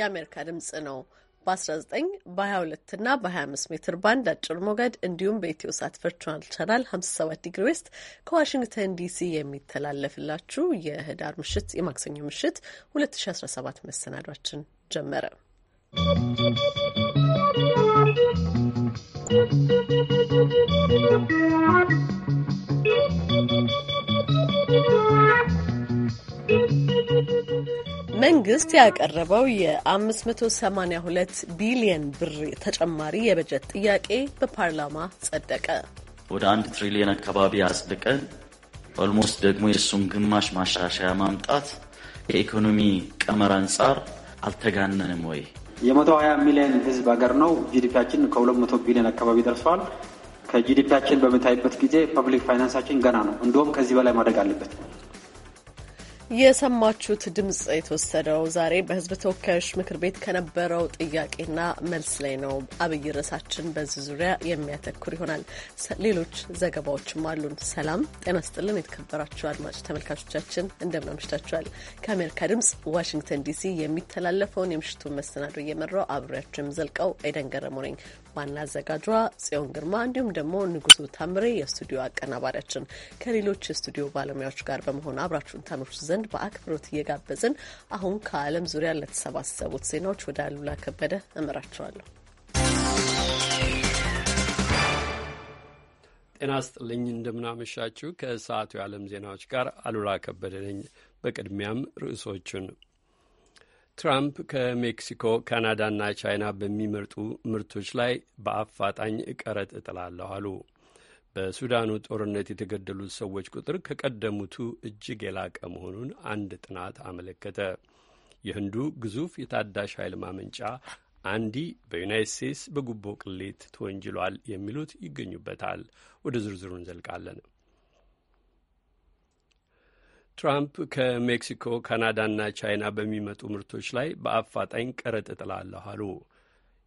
የአሜሪካ ድምጽ ነው። በ19 በ22 እና በ25 ሜትር ባንድ አጭር ሞገድ እንዲሁም በኢትዮ ሳት ቨርቹዋል ቻናል 57 ዲግሪ ዌስት ከዋሽንግተን ዲሲ የሚተላለፍላችሁ የህዳር ምሽት የማክሰኞ ምሽት 2017 መሰናዷችን ጀመረ። ¶¶ መንግስት ያቀረበው የ582 ቢሊየን ብር ተጨማሪ የበጀት ጥያቄ በፓርላማ ጸደቀ። ወደ አንድ ትሪሊየን አካባቢ አጽድቀን ኦልሞስት ደግሞ የእሱን ግማሽ ማሻሻያ ማምጣት የኢኮኖሚ ቀመር አንጻር አልተጋነንም ወይ? የ120 ሚሊዮን ህዝብ ሀገር ነው። ጂዲፒያችን ከ መቶ ቢሊዮን አካባቢ ደርሰዋል። ከጂዲፒያችን በምታይበት ጊዜ ፐብሊክ ፋይናንሳችን ገና ነው። እንዲሁም ከዚህ በላይ ማደግ አለበት። የሰማችሁት ድምጽ የተወሰደው ዛሬ በህዝብ ተወካዮች ምክር ቤት ከነበረው ጥያቄና መልስ ላይ ነው። አብይ ርዕሳችን በዚህ ዙሪያ የሚያተኩር ይሆናል። ሌሎች ዘገባዎችም አሉን። ሰላም ጤና ስጥልን። የተከበራችሁ አድማጭ ተመልካቾቻችን እንደምን አምሽታችኋል? ከአሜሪካ ድምጽ ዋሽንግተን ዲሲ የሚተላለፈውን የምሽቱን መሰናዶ እየመራው አብሬያችሁ የምዘልቀው ኤደን ገረሙ ነኝ። ዋና አዘጋጇ ጽዮን ግርማ እንዲሁም ደግሞ ንጉሱ ታምሬ የስቱዲዮ አቀናባሪያችን ከሌሎች የስቱዲዮ ባለሙያዎች ጋር በመሆን አብራችሁን ታኖች ዘንድ በአክብሮት እየጋበዝን አሁን ከዓለም ዙሪያ ለተሰባሰቡት ዜናዎች ወደ አሉላ ከበደ እመራቸዋለሁ። ጤና ስጥልኝ እንደምናመሻችሁ። ከሰዓቱ የዓለም ዜናዎች ጋር አሉላ ከበደ ነኝ። በቅድሚያም ርዕሶቹን ትራምፕ ከሜክሲኮ ካናዳና ቻይና በሚመርጡ ምርቶች ላይ በአፋጣኝ ቀረጥ እጥላለሁ አሉ። በሱዳኑ ጦርነት የተገደሉት ሰዎች ቁጥር ከቀደሙቱ እጅግ የላቀ መሆኑን አንድ ጥናት አመለከተ። የህንዱ ግዙፍ የታዳሽ ኃይል ማመንጫ አንዲ በዩናይት ስቴትስ በጉቦ ቅሌት ተወንጅሏል የሚሉት ይገኙበታል። ወደ ዝርዝሩ እንዘልቃለን። ትራምፕ ከሜክሲኮ ካናዳና ቻይና በሚመጡ ምርቶች ላይ በአፋጣኝ ቀረጥ እጥላለሁ አሉ።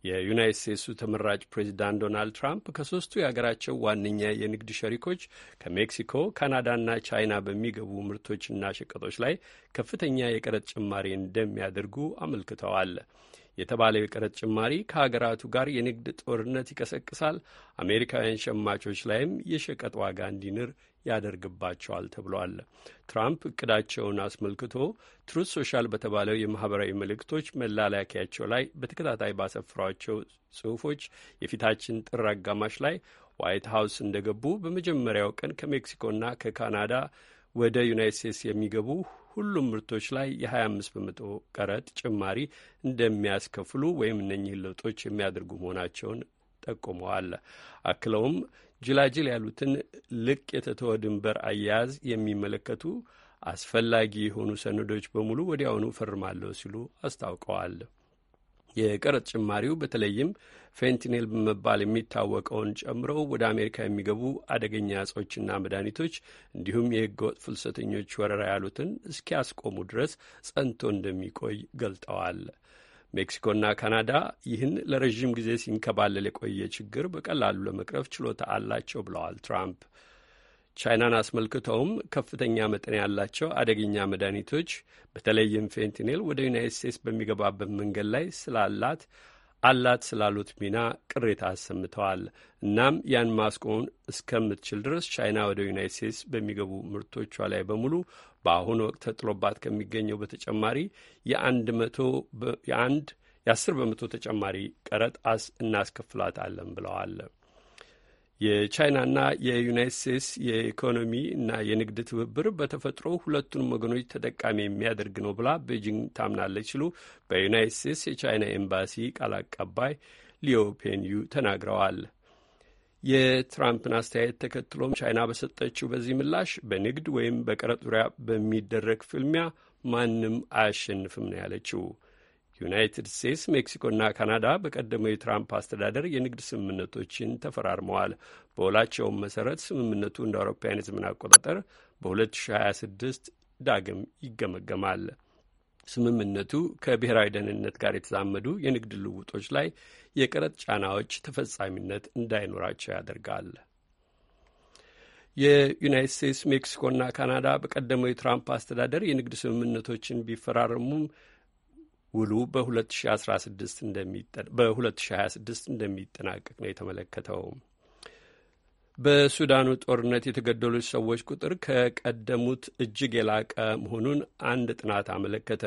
የዩናይት ስቴትሱ ተመራጭ ፕሬዚዳንት ዶናልድ ትራምፕ ከሶስቱ የሀገራቸው ዋነኛ የንግድ ሸሪኮች ከሜክሲኮ ካናዳና ቻይና በሚገቡ ምርቶችና ሸቀጦች ላይ ከፍተኛ የቀረጥ ጭማሪ እንደሚያደርጉ አመልክተዋል። የተባለው የቀረጥ ጭማሪ ከሀገራቱ ጋር የንግድ ጦርነት ይቀሰቅሳል፣ አሜሪካውያን ሸማቾች ላይም የሸቀጥ ዋጋ እንዲንር ያደርግባቸዋል ተብሏል። ትራምፕ እቅዳቸውን አስመልክቶ ትሩት ሶሻል በተባለው የማህበራዊ መልእክቶች መላላኪያቸው ላይ በተከታታይ ባሰፍሯቸው ጽሁፎች የፊታችን ጥር አጋማሽ ላይ ዋይት ሀውስ እንደገቡ በመጀመሪያው ቀን ከሜክሲኮና ከካናዳ ወደ ዩናይት ስቴትስ የሚገቡ ሁሉም ምርቶች ላይ የ25 በመቶ ቀረጥ ጭማሪ እንደሚያስከፍሉ ወይም እነኚህን ለውጦች የሚያደርጉ መሆናቸውን ጠቁመዋል። አክለውም ጅላጅል ያሉትን ልቅ የተተወ ድንበር አያያዝ የሚመለከቱ አስፈላጊ የሆኑ ሰነዶች በሙሉ ወዲያውኑ ፈርማለሁ ሲሉ አስታውቀዋል። የቀረጥ ጭማሪው በተለይም ፌንቲኔል በመባል የሚታወቀውን ጨምሮ ወደ አሜሪካ የሚገቡ አደገኛ እጾችና መድኃኒቶች እንዲሁም የሕገ ወጥ ፍልሰተኞች ወረራ ያሉትን እስኪያስቆሙ ድረስ ጸንቶ እንደሚቆይ ገልጠዋል። ሜክሲኮና ካናዳ ይህን ለረዥም ጊዜ ሲንከባለል የቆየ ችግር በቀላሉ ለመቅረፍ ችሎታ አላቸው ብለዋል ትራምፕ። ቻይናን አስመልክተውም ከፍተኛ መጠን ያላቸው አደገኛ መድኃኒቶች በተለይም ፌንቲኔል ወደ ዩናይት ስቴትስ በሚገባበት መንገድ ላይ ስላላት አላት ስላሉት ሚና ቅሬታ አሰምተዋል። እናም ያን ማስቆሙን እስከምትችል ድረስ ቻይና ወደ ዩናይት ስቴትስ በሚገቡ ምርቶቿ ላይ በሙሉ በአሁኑ ወቅት ተጥሎባት ከሚገኘው በተጨማሪ የአንድ መቶ የአንድ የአስር በመቶ ተጨማሪ ቀረጥ እናስከፍላታለን ብለዋል። የቻይናና የዩናይት ስቴትስ የኢኮኖሚ እና የንግድ ትብብር በተፈጥሮ ሁለቱንም ወገኖች ተጠቃሚ የሚያደርግ ነው ብላ ቤጂንግ ታምናለች ሲሉ በዩናይት ስቴትስ የቻይና ኤምባሲ ቃል አቀባይ ሊዮ ፔንዩ ተናግረዋል። የትራምፕን አስተያየት ተከትሎም ቻይና በሰጠችው በዚህ ምላሽ በንግድ ወይም በቀረጥ ዙሪያ በሚደረግ ፍልሚያ ማንም አያሸንፍም ነው ያለችው። ዩናይትድ ስቴትስ፣ ሜክሲኮና ካናዳ በቀደመው የትራምፕ አስተዳደር የንግድ ስምምነቶችን ተፈራርመዋል። በውላቸውም መሰረት ስምምነቱ እንደ አውሮፓውያን የዘመን አቆጣጠር በ2026 ዳግም ይገመገማል። ስምምነቱ ከብሔራዊ ደህንነት ጋር የተዛመዱ የንግድ ልውጦች ላይ የቀረጥ ጫናዎች ተፈጻሚነት እንዳይኖራቸው ያደርጋል። የዩናይት ስቴትስ ሜክሲኮና ካናዳ በቀደመው የትራምፕ አስተዳደር የንግድ ስምምነቶችን ቢፈራረሙም ውሉ በ2016 እንደሚጠናቀቅ ነው የተመለከተው። በሱዳኑ ጦርነት የተገደሉት ሰዎች ቁጥር ከቀደሙት እጅግ የላቀ መሆኑን አንድ ጥናት አመለከተ።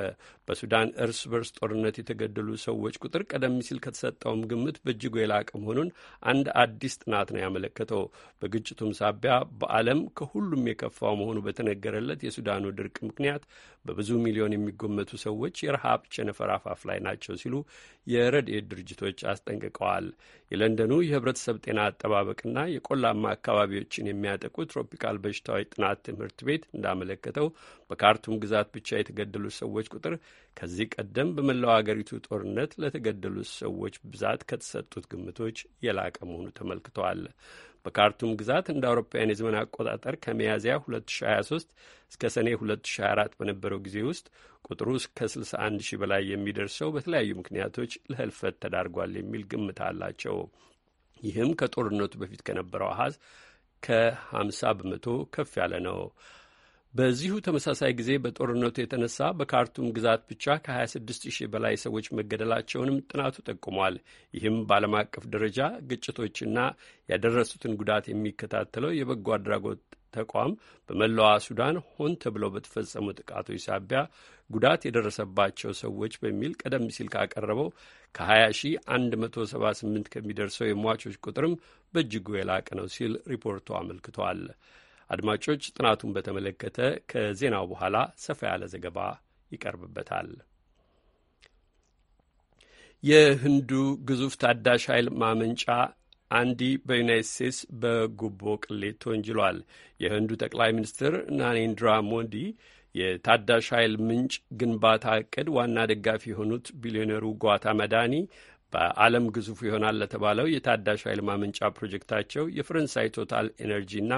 በሱዳን እርስ በርስ ጦርነት የተገደሉ ሰዎች ቁጥር ቀደም ሲል ከተሰጠውም ግምት በእጅጉ የላቀ መሆኑን አንድ አዲስ ጥናት ነው ያመለከተው። በግጭቱም ሳቢያ በዓለም ከሁሉም የከፋው መሆኑ በተነገረለት የሱዳኑ ድርቅ ምክንያት በብዙ ሚሊዮን የሚጎመቱ ሰዎች የረሃብ ቸነፈር አፋፍ ላይ ናቸው ሲሉ የረድኤት ድርጅቶች አስጠንቅቀዋል። የለንደኑ የህብረተሰብ ጤና አጠባበቅና የቆላ ቆላማ አካባቢዎችን የሚያጠቁ ትሮፒካል በሽታዎች ጥናት ትምህርት ቤት እንዳመለከተው በካርቱም ግዛት ብቻ የተገደሉት ሰዎች ቁጥር ከዚህ ቀደም በመላው አገሪቱ ጦርነት ለተገደሉት ሰዎች ብዛት ከተሰጡት ግምቶች የላቀ መሆኑ ተመልክተዋል። በካርቱም ግዛት እንደ አውሮፓውያን የዘመን አቆጣጠር ከሚያዝያ 2023 እስከ ሰኔ 2024 በነበረው ጊዜ ውስጥ ቁጥሩ እስከ 61 ሺህ በላይ የሚደርሰው በተለያዩ ምክንያቶች ለህልፈት ተዳርጓል የሚል ግምት አላቸው። ይህም ከጦርነቱ በፊት ከነበረው አሀዝ ከ50 በመቶ ከፍ ያለ ነው። በዚሁ ተመሳሳይ ጊዜ በጦርነቱ የተነሳ በካርቱም ግዛት ብቻ ከ26 ሺህ በላይ ሰዎች መገደላቸውንም ጥናቱ ጠቁሟል። ይህም በዓለም አቀፍ ደረጃ ግጭቶችና ያደረሱትን ጉዳት የሚከታተለው የበጎ አድራጎት ተቋም በመላዋ ሱዳን ሆን ተብለው በተፈጸሙ ጥቃቶች ሳቢያ ጉዳት የደረሰባቸው ሰዎች በሚል ቀደም ሲል ካቀረበው ከ20178 ከሚደርሰው የሟቾች ቁጥርም በእጅጉ የላቀ ነው ሲል ሪፖርቱ አመልክቷል። አድማጮች ጥናቱን በተመለከተ ከዜናው በኋላ ሰፋ ያለ ዘገባ ይቀርብበታል። የህንዱ ግዙፍ ታዳሽ ኃይል ማመንጫ አንዲ በዩናይት ስቴትስ በጉቦ ቅሌት ተወንጅሏል። የህንዱ ጠቅላይ ሚኒስትር ናሬንድራ ሞዲ የታዳሽ ኃይል ምንጭ ግንባታ እቅድ ዋና ደጋፊ የሆኑት ቢሊዮነሩ ጓታ መዳኒ በዓለም ግዙፍ ይሆናል ለተባለው የታዳሽ ኃይል ማመንጫ ፕሮጀክታቸው የፈረንሳይ ቶታል ኤነርጂና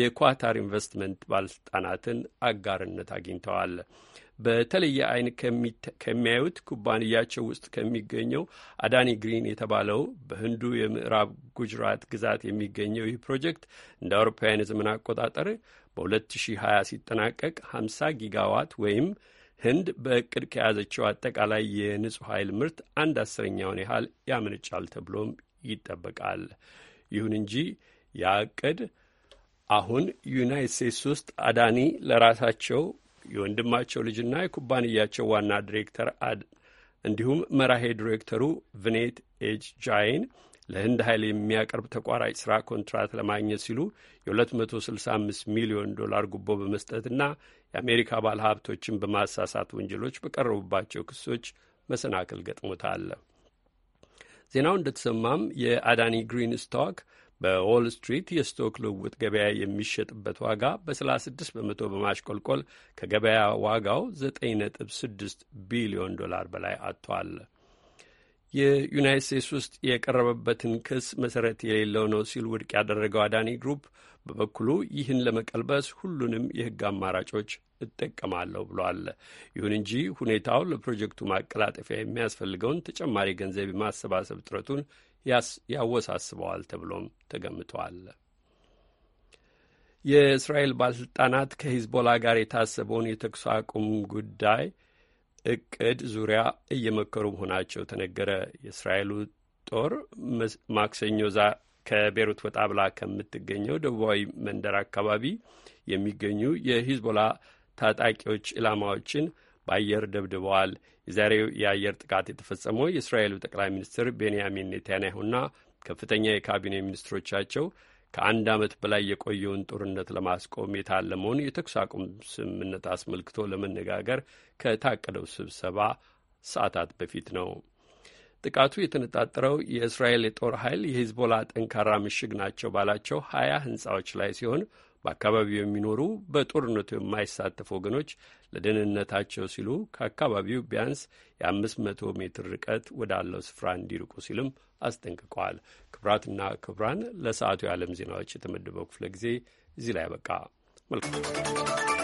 የኳታር ኢንቨስትመንት ባለስልጣናትን አጋርነት አግኝተዋል። በተለየ አይን ከሚያዩት ኩባንያቸው ውስጥ ከሚገኘው አዳኒ ግሪን የተባለው በህንዱ የምዕራብ ጉጅራት ግዛት የሚገኘው ይህ ፕሮጀክት እንደ አውሮፓውያን የዘመን አቆጣጠር በ2020 ሲጠናቀቅ 50 ጊጋዋት ወይም ህንድ በእቅድ ከያዘችው አጠቃላይ የንጹሕ ኃይል ምርት አንድ አስረኛውን ያህል ያመነጫል ተብሎም ይጠበቃል። ይሁን እንጂ ያ እቅድ አሁን ዩናይት ስቴትስ ውስጥ አዳኒ ለራሳቸው የወንድማቸው ልጅና የኩባንያቸው ዋና ዲሬክተር እንዲሁም መራሄ ዲሬክተሩ ቪኔት ኤጅ ጃይን ለህንድ ኃይል የሚያቀርብ ተቋራጭ ሥራ ኮንትራት ለማግኘት ሲሉ የ265 ሚሊዮን ዶላር ጉቦ በመስጠትና የአሜሪካ ባለ ሀብቶችን በማሳሳት ወንጀሎች በቀረቡባቸው ክሶች መሰናክል ገጥሞታል። ዜናው እንደተሰማም የአዳኒ ግሪን ስቶክ በዎል ስትሪት የስቶክ ልውውጥ ገበያ የሚሸጥበት ዋጋ በ36 በመቶ በማሽቆልቆል ከገበያ ዋጋው 9.6 ቢሊዮን ዶላር በላይ አጥቷል። የዩናይት ስቴትስ ውስጥ የቀረበበትን ክስ መሰረት የሌለው ነው ሲል ውድቅ ያደረገው አዳኒ ግሩፕ በበኩሉ ይህን ለመቀልበስ ሁሉንም የሕግ አማራጮች እጠቀማለሁ ብሏል። ይሁን እንጂ ሁኔታው ለፕሮጀክቱ ማቀላጠፊያ የሚያስፈልገውን ተጨማሪ ገንዘብ የማሰባሰብ ጥረቱን ያወሳስበዋል ተብሎም ተገምቷል። የእስራኤል ባለሥልጣናት ከሂዝቦላ ጋር የታሰበውን የተኩስ አቁም ጉዳይ እቅድ ዙሪያ እየመከሩ መሆናቸው ተነገረ። የእስራኤሉ ጦር ማክሰኞ ዛ ከቤሩት ወጣ ብላ ከምትገኘው ደቡባዊ መንደር አካባቢ የሚገኙ የሂዝቦላ ታጣቂዎች ኢላማዎችን በአየር ደብድበዋል። የዛሬው የአየር ጥቃት የተፈጸመው የእስራኤሉ ጠቅላይ ሚኒስትር ቤንያሚን ኔታንያሁና ከፍተኛ የካቢኔ ሚኒስትሮቻቸው ከአንድ ዓመት በላይ የቆየውን ጦርነት ለማስቆም የታለመውን የተኩስ አቁም ስምምነት አስመልክቶ ለመነጋገር ከታቀደው ስብሰባ ሰዓታት በፊት ነው። ጥቃቱ የተነጣጠረው የእስራኤል የጦር ኃይል የሂዝቦላ ጠንካራ ምሽግ ናቸው ባላቸው ሀያ ህንጻዎች ላይ ሲሆን በአካባቢው የሚኖሩ በጦርነቱ የማይሳተፉ ወገኖች ለደህንነታቸው ሲሉ ከአካባቢው ቢያንስ የአምስት መቶ ሜትር ርቀት ወዳለው ስፍራ እንዲርቁ ሲልም አስጠንቅቀዋል። ክብራትና ክብራን ለሰዓቱ የዓለም ዜናዎች የተመደበው ክፍለ ጊዜ እዚህ ላይ ያበቃ። መልካም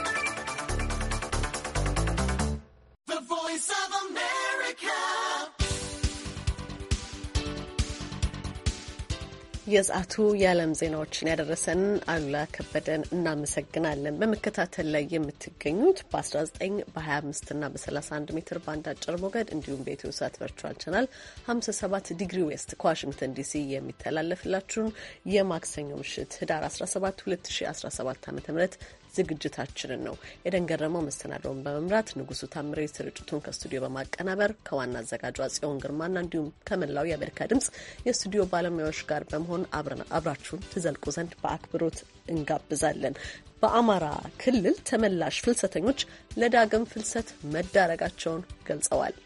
የሰዓቱ የዓለም ዜናዎችን ያደረሰን አሉላ ከበደን እናመሰግናለን። በመከታተል ላይ የምትገኙት በ19 በ25 እና በ31 ሜትር ባንድ አጭር ሞገድ እንዲሁም በኢትዮ ሳት ቨርቹዋል ቻናል 57 ዲግሪ ዌስት ከዋሽንግተን ዲሲ የሚተላለፍላችሁን የማክሰኞ ምሽት ህዳር 17 2017 ዓ ም ዝግጅታችንን ነው። የደንገረመው ገረመው መሰናዶውን በመምራት ንጉሱ ታምሬ ስርጭቱን ከስቱዲዮ በማቀናበር ከዋና አዘጋጇ ጽዮን ግርማና እንዲሁም ከመላው የአሜሪካ ድምጽ የስቱዲዮ ባለሙያዎች ጋር በመሆን አብራችሁን ትዘልቁ ዘንድ በአክብሮት እንጋብዛለን። በአማራ ክልል ተመላሽ ፍልሰተኞች ለዳግም ፍልሰት መዳረጋቸውን ገልጸዋል።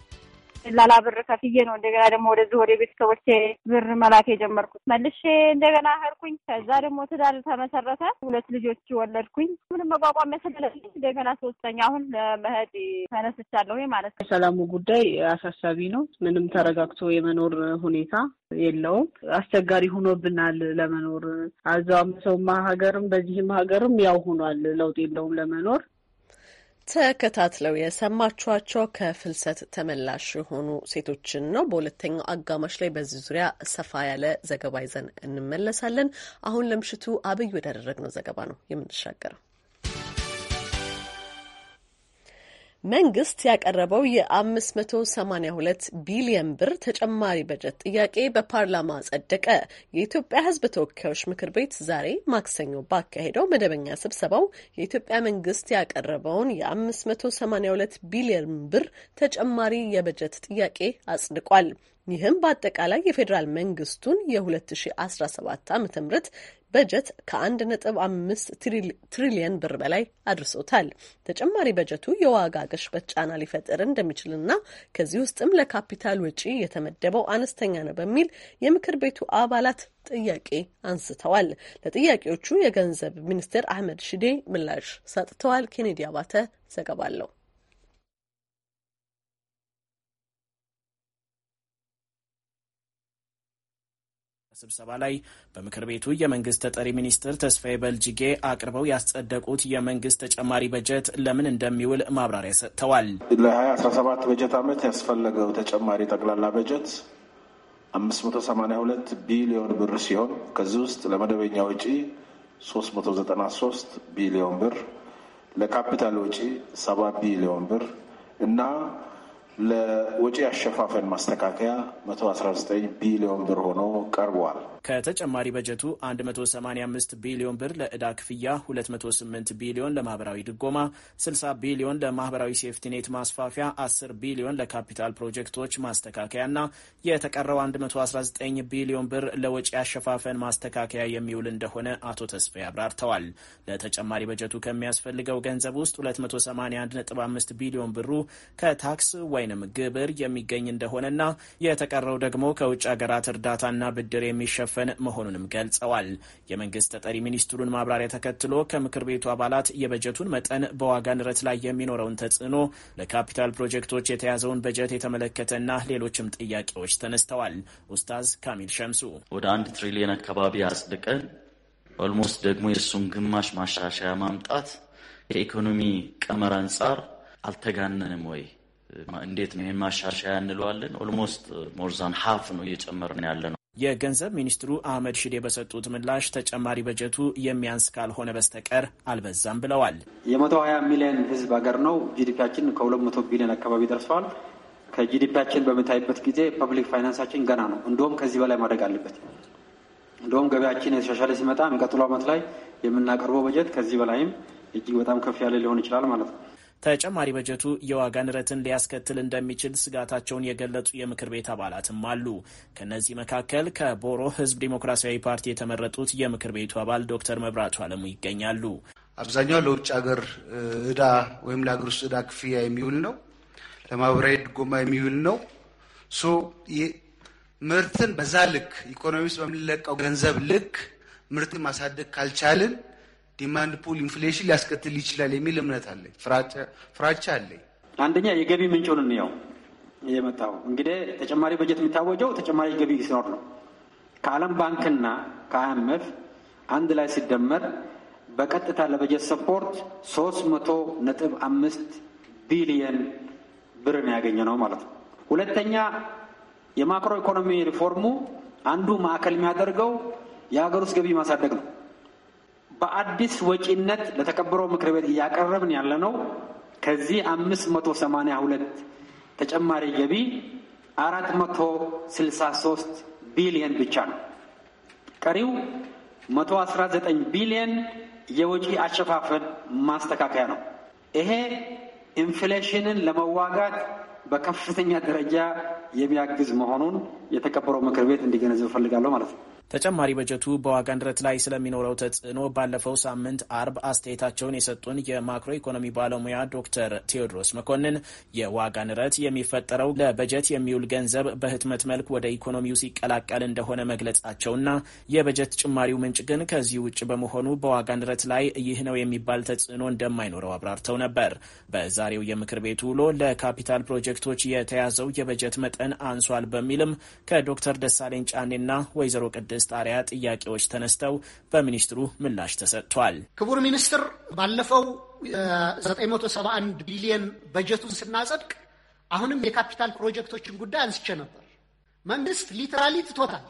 ላላ ብር ከፍዬ ነው እንደገና ደግሞ ወደዚህ ወደ ቤተሰቦቼ ብር መላክ የጀመርኩት። መልሼ እንደገና ሄድኩኝ። ከዛ ደግሞ ትዳር ተመሰረተ። ሁለት ልጆች ወለድኩኝ። ምንም መቋቋሚያ ስለሌለኝ እንደገና ሶስተኛ አሁን ለመሄድ ተነስቻለሁ ማለት ነው። የሰላሙ ጉዳይ አሳሳቢ ነው። ምንም ተረጋግቶ የመኖር ሁኔታ የለውም። አስቸጋሪ ሆኖብናል ለመኖር። አዛም ሰውማ ሀገርም በዚህም ሀገርም ያው ሆኗል። ለውጥ የለውም ለመኖር ተከታትለው የሰማችኋቸው ከፍልሰት ተመላሽ የሆኑ ሴቶችን ነው። በሁለተኛው አጋማሽ ላይ በዚህ ዙሪያ ሰፋ ያለ ዘገባ ይዘን እንመለሳለን። አሁን ለምሽቱ አብይ ወዳደረግነው ዘገባ ነው የምንሻገረው። መንግስት ያቀረበው የ582 ቢሊየን ብር ተጨማሪ በጀት ጥያቄ በፓርላማ ጸደቀ። የኢትዮጵያ ሕዝብ ተወካዮች ምክር ቤት ዛሬ ማክሰኞ ባካሄደው መደበኛ ስብሰባው የኢትዮጵያ መንግስት ያቀረበውን የ582 ቢሊየን ብር ተጨማሪ የበጀት ጥያቄ አጽድቋል። ይህም በአጠቃላይ የፌዴራል መንግስቱን የ2017 ም በጀት ከአንድ ነጥብ አምስት ትሪሊየን ብር በላይ አድርሶታል። ተጨማሪ በጀቱ የዋጋ ግሽበት ጫና ሊፈጥር እንደሚችልና ከዚህ ውስጥም ለካፒታል ወጪ የተመደበው አነስተኛ ነው በሚል የምክር ቤቱ አባላት ጥያቄ አንስተዋል። ለጥያቄዎቹ የገንዘብ ሚኒስትር አህመድ ሽዴ ምላሽ ሰጥተዋል። ኬኔዲ አባተ ዘገባ አለው። ስብሰባ ላይ በምክር ቤቱ የመንግስት ተጠሪ ሚኒስትር ተስፋዬ በልጅጌ አቅርበው ያስጸደቁት የመንግስት ተጨማሪ በጀት ለምን እንደሚውል ማብራሪያ ሰጥተዋል። ለ2017 በጀት ዓመት ያስፈለገው ተጨማሪ ጠቅላላ በጀት 582 ቢሊዮን ብር ሲሆን ከዚህ ውስጥ ለመደበኛ ወጪ 393 ቢሊዮን ብር፣ ለካፒታል ወጪ 7 ቢሊዮን ብር እና ለወጪ አሸፋፈን ማስተካከያ 119 ቢሊዮን ብር ሆኖ ቀርቧል። ከተጨማሪ በጀቱ 185 ቢሊዮን ብር ለዕዳ ክፍያ፣ 208 ቢሊዮን ለማህበራዊ ድጎማ፣ 60 ቢሊዮን ለማህበራዊ ሴፍቲኔት ማስፋፊያ፣ 10 ቢሊዮን ለካፒታል ፕሮጀክቶች ማስተካከያ እና የተቀረው 119 ቢሊዮን ብር ለወጪ አሸፋፈን ማስተካከያ የሚውል እንደሆነ አቶ ተስፋዬ አብራርተዋል። ለተጨማሪ በጀቱ ከሚያስፈልገው ገንዘብ ውስጥ 281.5 ቢሊዮን ብሩ ከታክስ ወይ ወይንም ግብር የሚገኝ እንደሆነና የተቀረው ደግሞ ከውጭ ሀገራት እርዳታና ብድር የሚሸፈን መሆኑንም ገልጸዋል። የመንግስት ተጠሪ ሚኒስትሩን ማብራሪያ ተከትሎ ከምክር ቤቱ አባላት የበጀቱን መጠን፣ በዋጋ ንረት ላይ የሚኖረውን ተጽዕኖ፣ ለካፒታል ፕሮጀክቶች የተያዘውን በጀት የተመለከተና ሌሎችም ጥያቄዎች ተነስተዋል። ኡስታዝ ካሚል ሸምሱ ወደ አንድ ትሪሊየን አካባቢ አጽድቀን ኦልሞስት ደግሞ የእሱን ግማሽ ማሻሻያ ማምጣት ከኢኮኖሚ ቀመር አንጻር አልተጋነንም ወይ እንዴት ነው ማሻሻያ እንለዋለን። ኦልሞስት ሞርዛን ሀፍ ነው እየጨመርን ያለ ነው። የገንዘብ ሚኒስትሩ አህመድ ሽዴ በሰጡት ምላሽ ተጨማሪ በጀቱ የሚያንስ ካልሆነ በስተቀር አልበዛም ብለዋል። የመቶ ሀያ ሚሊዮን ህዝብ ሀገር ነው። ጂዲፒያችን ከሁለት መቶ ቢሊዮን አካባቢ ደርሰዋል። ከጂዲፒያችን በምታይበት ጊዜ ፐብሊክ ፋይናንሳችን ገና ነው። እንደውም ከዚህ በላይ ማድረግ አለበት። እንደውም ገበያችን የተሻሻለ ሲመጣ የሚቀጥለው ዓመት ላይ የምናቀርበው በጀት ከዚህ በላይም እጅግ በጣም ከፍ ያለ ሊሆን ይችላል ማለት ነው። ተጨማሪ በጀቱ የዋጋ ንረትን ሊያስከትል እንደሚችል ስጋታቸውን የገለጹ የምክር ቤት አባላትም አሉ። ከእነዚህ መካከል ከቦሮ ህዝብ ዲሞክራሲያዊ ፓርቲ የተመረጡት የምክር ቤቱ አባል ዶክተር መብራቱ አለሙ ይገኛሉ። አብዛኛው ለውጭ ሀገር እዳ ወይም ለሀገር ውስጥ እዳ ክፍያ የሚውል ነው። ለማህበራዊ ድጎማ የሚውል ነው። ሶ ምርትን በዛ ልክ ኢኮኖሚ ውስጥ በሚለቀው ገንዘብ ልክ ምርትን ማሳደግ ካልቻልን ዲማንድ ፑል ኢንፍሌሽን ሊያስከትል ይችላል የሚል እምነት አለኝ፣ ፍራቻ አለኝ። አንደኛ የገቢ ምንጩን እንየው። የመጣው እንግዲህ ተጨማሪ በጀት የሚታወጀው ተጨማሪ ገቢ ሲኖር ነው። ከዓለም ባንክና ከአይኤምኤፍ አንድ ላይ ሲደመር በቀጥታ ለበጀት ሰፖርት ሶስት መቶ ነጥብ አምስት ቢሊየን ብር ያገኘ ነው ማለት ነው። ሁለተኛ የማክሮ ኢኮኖሚ ሪፎርሙ አንዱ ማዕከል የሚያደርገው የሀገር ውስጥ ገቢ ማሳደግ ነው። በአዲስ ወጪነት ለተከበረው ምክር ቤት እያቀረብን ያለ ነው። ከዚህ አምስት መቶ ሰማኒያ ሁለት ተጨማሪ ገቢ አራት መቶ ስልሳ ሶስት ቢሊየን ብቻ ነው። ቀሪው መቶ አስራ ዘጠኝ ቢሊየን የወጪ አሸፋፈን ማስተካከያ ነው። ይሄ ኢንፍሌሽንን ለመዋጋት በከፍተኛ ደረጃ የሚያግዝ መሆኑን የተከበረው ምክር ቤት እንዲገነዘብ እፈልጋለሁ ማለት ነው። ተጨማሪ በጀቱ በዋጋ ንረት ላይ ስለሚኖረው ተጽዕኖ ባለፈው ሳምንት አርብ አስተያየታቸውን የሰጡን የማክሮ ኢኮኖሚ ባለሙያ ዶክተር ቴዎድሮስ መኮንን የዋጋ ንረት የሚፈጠረው ለበጀት የሚውል ገንዘብ በህትመት መልክ ወደ ኢኮኖሚው ሲቀላቀል እንደሆነ መግለጻቸውና የበጀት ጭማሪው ምንጭ ግን ከዚህ ውጭ በመሆኑ በዋጋ ንረት ላይ ይህ ነው የሚባል ተጽዕኖ እንደማይኖረው አብራርተው ነበር። በዛሬው የምክር ቤቱ ውሎ ለካፒታል ፕሮጀክቶች የተያዘው የበጀት መጠን አንሷል በሚልም ከዶክተር ደሳለኝ ጫኔና ወይዘሮ ቅድስት ጣሪያ ጥያቄዎች ተነስተው በሚኒስትሩ ምላሽ ተሰጥቷል። ክቡር ሚኒስትር ባለፈው 971 ቢሊየን በጀቱን ስናጸድቅ አሁንም የካፒታል ፕሮጀክቶችን ጉዳይ አንስቼ ነበር። መንግስት ሊትራሊ ትቶታል።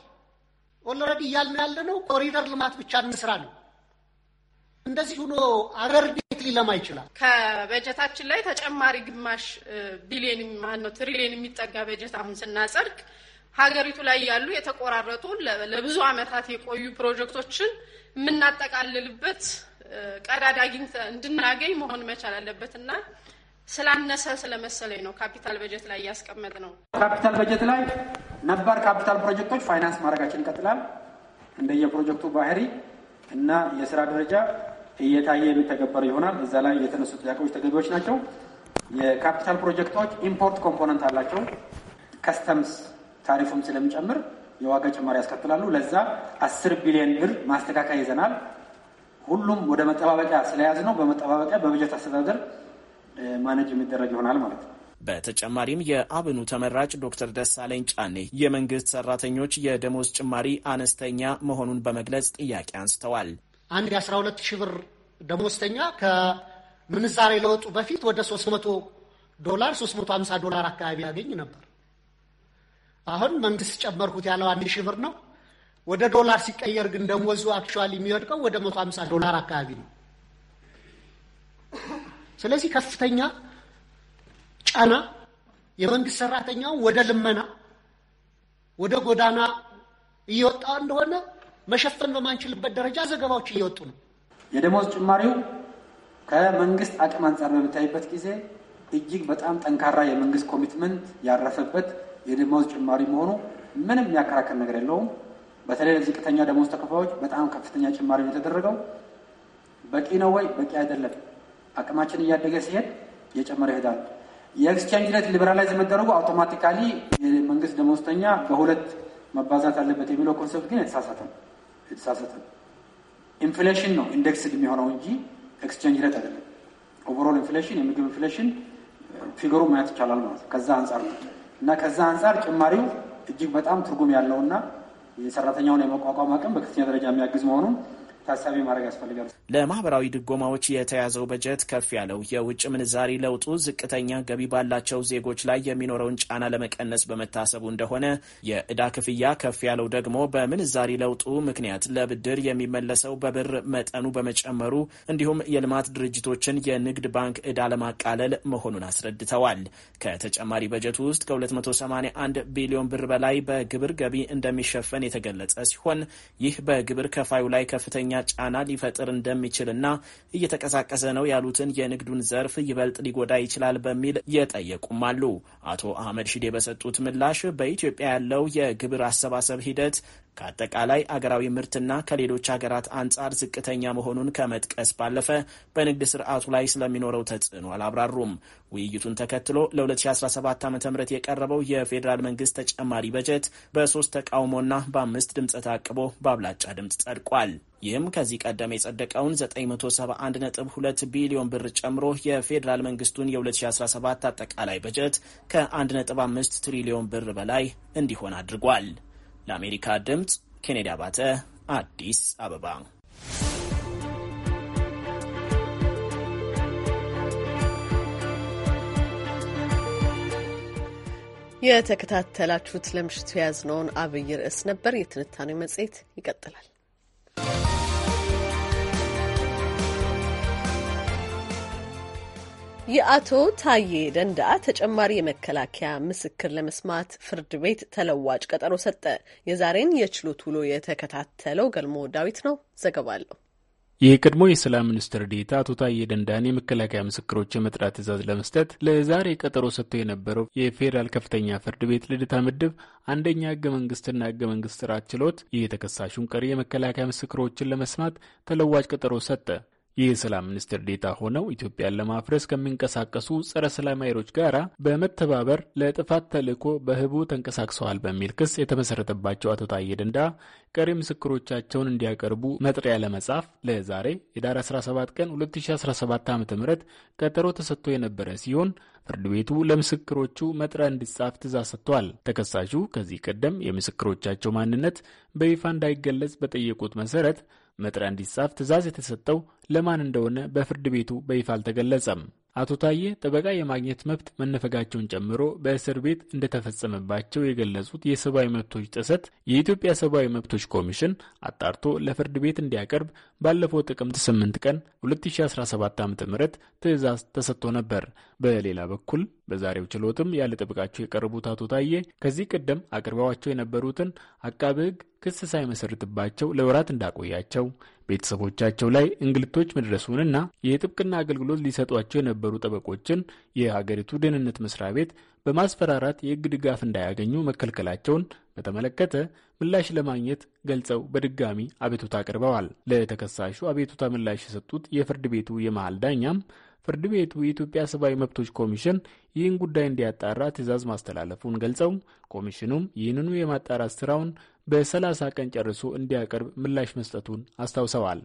ኦልሬዲ እያልን ያለ ነው ኮሪደር ልማት ብቻ እንስራ ነው። እንደዚህ ሆኖ አገር እንዴት ሊለማ ይችላል? ከበጀታችን ላይ ተጨማሪ ግማሽ ቢሊየን ማነው ትሪሊየን የሚጠጋ በጀት አሁን ስናጸድቅ ሀገሪቱ ላይ ያሉ የተቆራረጡ ለብዙ ዓመታት የቆዩ ፕሮጀክቶችን የምናጠቃልልበት ቀዳዳ አግኝተን እንድናገኝ መሆን መቻል አለበት እና ስላነሰ ስለመሰለኝ ነው ካፒታል በጀት ላይ እያስቀመጥ ነው። ካፒታል በጀት ላይ ነባር ካፒታል ፕሮጀክቶች ፋይናንስ ማድረጋችን ይቀጥላል። እንደየፕሮጀክቱ ባህሪ እና የስራ ደረጃ እየታየ የሚተገበር ይሆናል። እዛ ላይ የተነሱ ጥያቄዎች ተገቢዎች ናቸው። የካፒታል ፕሮጀክቶች ኢምፖርት ኮምፖነንት አላቸው። ከስተምስ ታሪፉም ስለሚጨምር የዋጋ ጭማሪ ያስከትላሉ። ለዛ አስር ቢሊዮን ብር ማስተካከያ ይዘናል። ሁሉም ወደ መጠባበቂያ ስለያዝ ነው። በመጠባበቂያ በበጀት አስተዳደር ማነጅ የሚደረግ ይሆናል ማለት ነው። በተጨማሪም የአብኑ ተመራጭ ዶክተር ደሳለኝ ጫኔ የመንግስት ሰራተኞች የደሞዝ ጭማሪ አነስተኛ መሆኑን በመግለጽ ጥያቄ አንስተዋል። አንድ የ12 ሺህ ብር ደሞዝተኛ ከምንዛሬ ለወጡ በፊት ወደ 300 ዶላር 350 ዶላር አካባቢ ያገኝ ነበር። አሁን መንግስት ጨመርኩት ያለው አንድ ሺህ ብር ነው። ወደ ዶላር ሲቀየር ግን ደሞዙ አክቹዋሊ የሚወድቀው ወደ መቶ ሀምሳ ዶላር አካባቢ ነው። ስለዚህ ከፍተኛ ጫና የመንግስት ሰራተኛው ወደ ልመና ወደ ጎዳና እየወጣ እንደሆነ መሸፈን በማንችልበት ደረጃ ዘገባዎች እየወጡ ነው። የደሞዝ ጭማሪው ከመንግስት አቅም አንጻር በምታይበት ጊዜ እጅግ በጣም ጠንካራ የመንግስት ኮሚትመንት ያረፈበት የደሞዝ ጭማሪ መሆኑ ምንም የሚያከራከር ነገር የለውም። በተለይ ለዝቅተኛ ደሞዝ ተከፋዮች በጣም ከፍተኛ ጭማሪ የተደረገው። በቂ ነው ወይ? በቂ አይደለም። አቅማችን እያደገ ሲሄድ እየጨመረ ይሄዳል። የኤክስቼንጅ ሬት ሊበራላይዝ መደረጉ አውቶማቲካሊ የመንግስት ደሞዝተኛ በሁለት መባዛት አለበት የሚለው ኮንሰፕት ግን የተሳሳተ ነው። ኢንፍሌሽን ነው ኢንዴክስ የሚሆነው እንጂ ኤክስቼንጅ ሬት አይደለም። ኦቨሮል ኢንፍሌሽን፣ የምግብ ኢንፍሌሽን ፊገሩ ማየት ይቻላል ማለት ነው። ከዛ አንጻር ነው እና ከዛ አንጻር ጭማሪው እጅግ በጣም ትርጉም ያለውና የሰራተኛውን የመቋቋም አቅም በከፍተኛ ደረጃ የሚያግዝ መሆኑን ታሳቢ ማድረግ ያስፈልጋል። ለማህበራዊ ድጎማዎች የተያዘው በጀት ከፍ ያለው የውጭ ምንዛሪ ለውጡ ዝቅተኛ ገቢ ባላቸው ዜጎች ላይ የሚኖረውን ጫና ለመቀነስ በመታሰቡ እንደሆነ፣ የእዳ ክፍያ ከፍ ያለው ደግሞ በምንዛሪ ለውጡ ምክንያት ለብድር የሚመለሰው በብር መጠኑ በመጨመሩ እንዲሁም የልማት ድርጅቶችን የንግድ ባንክ እዳ ለማቃለል መሆኑን አስረድተዋል። ከተጨማሪ በጀቱ ውስጥ ከ281 ቢሊዮን ብር በላይ በግብር ገቢ እንደሚሸፈን የተገለጸ ሲሆን ይህ በግብር ከፋዩ ላይ ከፍተኛ ከፍተኛ ጫና ሊፈጥር እንደሚችልና እየተቀሳቀሰ ነው ያሉትን የንግዱን ዘርፍ ይበልጥ ሊጎዳ ይችላል በሚል የጠየቁም አሉ። አቶ አህመድ ሺዴ በሰጡት ምላሽ በኢትዮጵያ ያለው የግብር አሰባሰብ ሂደት ከአጠቃላይ አገራዊ ምርትና ከሌሎች ሀገራት አንጻር ዝቅተኛ መሆኑን ከመጥቀስ ባለፈ በንግድ ስርዓቱ ላይ ስለሚኖረው ተጽዕኖ አላብራሩም። ውይይቱን ተከትሎ ለ2017 ዓ ም የቀረበው የፌዴራል መንግስት ተጨማሪ በጀት በሶስት ተቃውሞና በአምስት ድምፀ ታቅቦ በአብላጫ ድምፅ ጸድቋል። ይህም ከዚህ ቀደም የጸደቀውን 971.2 ቢሊዮን ብር ጨምሮ የፌዴራል መንግስቱን የ2017 አጠቃላይ በጀት ከ1.5 ትሪሊዮን ብር በላይ እንዲሆን አድርጓል። ለአሜሪካ ድምፅ ኬኔዲ አባተ አዲስ አበባ። የተከታተላችሁት ለምሽቱ የያዝነውን አብይ ርዕስ ነበር። የትንታኔው መጽሔት ይቀጥላል። የአቶ ታዬ ደንዳ ተጨማሪ የመከላከያ ምስክር ለመስማት ፍርድ ቤት ተለዋጭ ቀጠሮ ሰጠ። የዛሬን የችሎት ውሎ የተከታተለው ገልሞ ዳዊት ነው። ዘገባ አለው። የቀድሞ የሰላም ሚኒስትር ዴታ አቶ ታዬ ደንዳን የመከላከያ ምስክሮች የመጥራት ትእዛዝ ለመስጠት ለዛሬ ቀጠሮ ሰጥቶ የነበረው የፌዴራል ከፍተኛ ፍርድ ቤት ልደታ ምድብ አንደኛ ህገ መንግስትና ህገ መንግስት ስርዓት ችሎት የተከሳሹን ቀሪ የመከላከያ ምስክሮችን ለመስማት ተለዋጭ ቀጠሮ ሰጠ። የሰላም ሚኒስትር ዴታ ሆነው ኢትዮጵያን ለማፍረስ ከሚንቀሳቀሱ ጸረ ሰላም ኃይሎች ጋር በመተባበር ለጥፋት ተልዕኮ በህቡ ተንቀሳቅሰዋል በሚል ክስ የተመሰረተባቸው አቶ ታዬ ደንዳ ቀሪ ምስክሮቻቸውን እንዲያቀርቡ መጥሪያ ለመጻፍ ለዛሬ የዳር 17 ቀን 2017 ዓ ም ቀጠሮ ተሰጥቶ የነበረ ሲሆን ፍርድ ቤቱ ለምስክሮቹ መጥሪያ እንዲጻፍ ትእዛዝ ሰጥቷል። ተከሳሹ ከዚህ ቀደም የምስክሮቻቸው ማንነት በይፋ እንዳይገለጽ በጠየቁት መሰረት መጥሪያ እንዲጻፍ ትዕዛዝ የተሰጠው ለማን እንደሆነ በፍርድ ቤቱ በይፋ አልተገለጸም። አቶ ታዬ ጠበቃ የማግኘት መብት መነፈጋቸውን ጨምሮ በእስር ቤት እንደተፈጸመባቸው የገለጹት የሰብአዊ መብቶች ጥሰት የኢትዮጵያ ሰብአዊ መብቶች ኮሚሽን አጣርቶ ለፍርድ ቤት እንዲያቀርብ ባለፈው ጥቅምት 8 ቀን 2017 ዓ ም ትዕዛዝ ተሰጥቶ ነበር። በሌላ በኩል በዛሬው ችሎትም ያለ ጠበቃቸው የቀረቡት አቶ ታዬ ከዚህ ቀደም አቅርበዋቸው የነበሩትን አቃቤ ሕግ ክስ ሳይመሰርትባቸው ለወራት እንዳቆያቸው ቤተሰቦቻቸው ላይ እንግልቶች መድረሱንና የጥብቅና አገልግሎት ሊሰጧቸው የነበሩ ጠበቆችን የሀገሪቱ ደህንነት መስሪያ ቤት በማስፈራራት የህግ ድጋፍ እንዳያገኙ መከልከላቸውን በተመለከተ ምላሽ ለማግኘት ገልጸው በድጋሚ አቤቱታ አቅርበዋል። ለተከሳሹ አቤቱታ ምላሽ የሰጡት የፍርድ ቤቱ የመሃል ዳኛም ፍርድ ቤቱ የኢትዮጵያ ሰብአዊ መብቶች ኮሚሽን ይህን ጉዳይ እንዲያጣራ ትዕዛዝ ማስተላለፉን ገልጸው ኮሚሽኑም ይህንኑ የማጣራት ስራውን በሰላሳ ቀን ጨርሶ እንዲያቀርብ ምላሽ መስጠቱን አስታውሰዋል።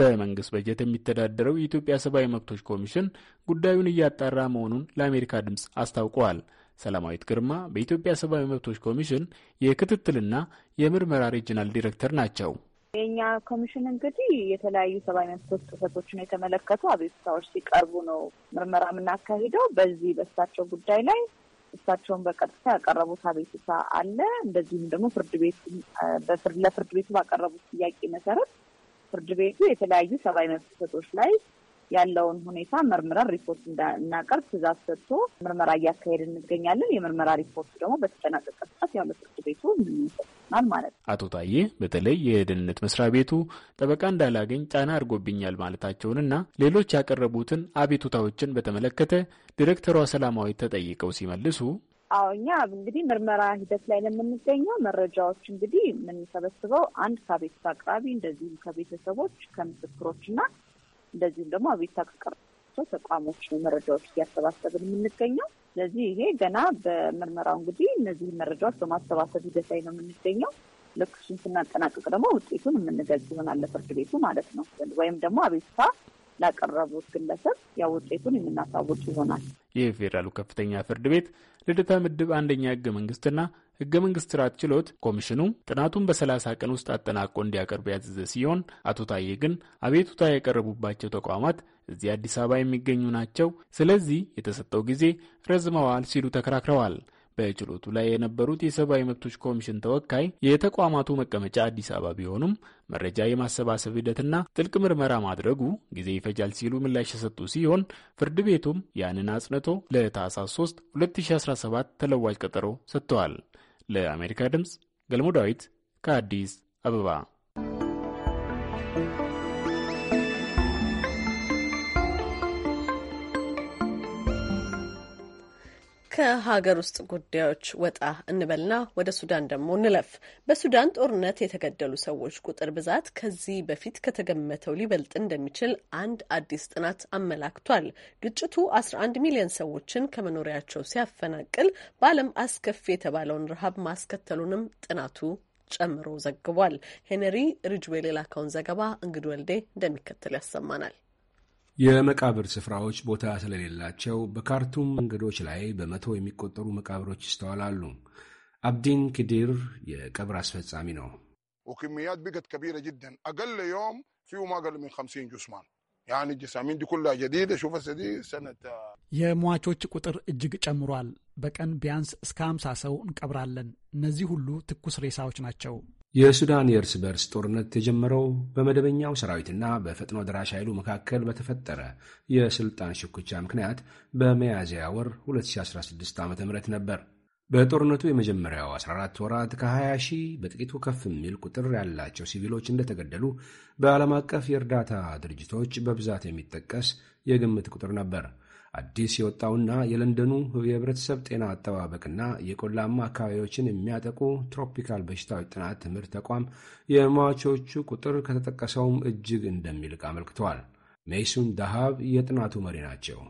በመንግስት በጀት የሚተዳደረው የኢትዮጵያ ሰብአዊ መብቶች ኮሚሽን ጉዳዩን እያጣራ መሆኑን ለአሜሪካ ድምፅ አስታውቀዋል። ሰላማዊት ግርማ በኢትዮጵያ ሰብአዊ መብቶች ኮሚሽን የክትትልና የምርመራ ሪጅናል ዲሬክተር ናቸው። የእኛ ኮሚሽን እንግዲህ የተለያዩ ሰብአዊ መብቶች ጥሰቶችን የተመለከቱ አቤቱታዎች ሲቀርቡ ነው ምርመራ የምናካሂደው። በዚህ በእሳቸው ጉዳይ ላይ እሳቸውን በቀጥታ ያቀረቡት አቤቱታ አለ። እንደዚሁም ደግሞ ፍርድ ቤት ለፍርድ ቤቱ ባቀረቡት ጥያቄ መሰረት ፍርድ ቤቱ የተለያዩ ሰብአዊ መብት ጥሰቶች ላይ ያለውን ሁኔታ መርምረን ሪፖርት እንዳናቀርብ ትዕዛዝ ሰጥቶ ምርመራ እያካሄድ እንገኛለን። የምርመራ ሪፖርቱ ደግሞ በተጠናቀቀ ሰዓት ያው ለፍርድ ቤቱ ይሰጥናል ማለት ነው። አቶ ታዬ በተለይ የደህንነት መስሪያ ቤቱ ጠበቃ እንዳላገኝ ጫና አድርጎብኛል ማለታቸውንና ሌሎች ያቀረቡትን አቤቱታዎችን በተመለከተ ዲሬክተሯ ሰላማዊት ተጠይቀው ሲመልሱ አዎ እኛ እንግዲህ ምርመራ ሂደት ላይ ነው የምንገኘው። መረጃዎች እንግዲህ የምንሰበስበው አንድ ከቤተሰብ አቅራቢ እንደዚሁም ከቤተሰቦች ከምስክሮች እና እንደዚሁም ደግሞ አቤቱታ አቅራቢዎቻቸው ተቋሞች መረጃዎች እያሰባሰብን የምንገኘው። ስለዚህ ይሄ ገና በምርመራው እንግዲህ እነዚህን መረጃዎች በማሰባሰብ ሂደት ላይ ነው የምንገኘው። ልክ እሱን ደግሞ ውጤቱን የምንገልጽ ይሆናል ለፍርድ ቤቱ ማለት ነው ወይም ደግሞ አቤቱታ ላቀረቡት ግለሰብ ያው ውጤቱን የምናሳውቅ ይሆናል። የፌዴራሉ ከፍተኛ ፍርድ ቤት ልደታ ምድብ አንደኛ ህገ መንግስትና ህገ መንግስት ስርዓት ችሎት ኮሚሽኑ ጥናቱን በሰላሳ ቀን ውስጥ አጠናቆ እንዲያቀርብ ያዘዘ ሲሆን አቶ ታዬ ግን አቤቱታ የቀረቡባቸው ተቋማት እዚህ አዲስ አበባ የሚገኙ ናቸው፣ ስለዚህ የተሰጠው ጊዜ ረዝመዋል ሲሉ ተከራክረዋል። በችሎቱ ላይ የነበሩት የሰብአዊ መብቶች ኮሚሽን ተወካይ የተቋማቱ መቀመጫ አዲስ አበባ ቢሆኑም መረጃ የማሰባሰብ ሂደትና ጥልቅ ምርመራ ማድረጉ ጊዜ ይፈጃል ሲሉ ምላሽ የሰጡ ሲሆን ፍርድ ቤቱም ያንን አጽንቶ ለታህሳስ 3 2017 ተለዋጭ ቀጠሮ ሰጥተዋል። ለአሜሪካ ድምፅ ገልሞ ዳዊት ከአዲስ አበባ ከሀገር ውስጥ ጉዳዮች ወጣ እንበልና ወደ ሱዳን ደግሞ እንለፍ። በሱዳን ጦርነት የተገደሉ ሰዎች ቁጥር ብዛት ከዚህ በፊት ከተገመተው ሊበልጥ እንደሚችል አንድ አዲስ ጥናት አመላክቷል። ግጭቱ 11 ሚሊዮን ሰዎችን ከመኖሪያቸው ሲያፈናቅል በዓለም አስከፊ የተባለውን ረሃብ ማስከተሉንም ጥናቱ ጨምሮ ዘግቧል። ሄነሪ ሪጅዌል የላከውን ዘገባ እንግድ ወልዴ እንደሚከተል ያሰማናል። የመቃብር ስፍራዎች ቦታ ስለሌላቸው በካርቱም መንገዶች ላይ በመቶ የሚቆጠሩ መቃብሮች ይስተዋላሉ። አብዲን ክዲር የቀብር አስፈጻሚ ነው። ወክምያት ቢቀት ከቢረ ጅደን አገለ ዮም ፊሁ ማገል ምን ከምሲን ጁስማን የሟቾች ቁጥር እጅግ ጨምሯል። በቀን ቢያንስ እስከ 50 ሰው እንቀብራለን። እነዚህ ሁሉ ትኩስ ሬሳዎች ናቸው። የሱዳን የእርስ በርስ ጦርነት የጀመረው በመደበኛው ሰራዊትና በፈጥኖ ደራሽ ኃይሉ መካከል በተፈጠረ የሥልጣን ሽኩቻ ምክንያት በሚያዝያ ወር 2016 ዓ ም ነበር። በጦርነቱ የመጀመሪያው 14 ወራት ከ20 ሺህ በጥቂቱ ከፍ የሚል ቁጥር ያላቸው ሲቪሎች እንደተገደሉ በዓለም አቀፍ የእርዳታ ድርጅቶች በብዛት የሚጠቀስ የግምት ቁጥር ነበር። አዲስ የወጣውና የለንደኑ የህብረተሰብ ጤና አጠባበቅና የቆላማ አካባቢዎችን የሚያጠቁ ትሮፒካል በሽታዎች ጥናት ትምህርት ተቋም የሟቾቹ ቁጥር ከተጠቀሰውም እጅግ እንደሚልቅ አመልክተዋል። ሜይሱን ዳሃብ የጥናቱ መሪ ናቸው።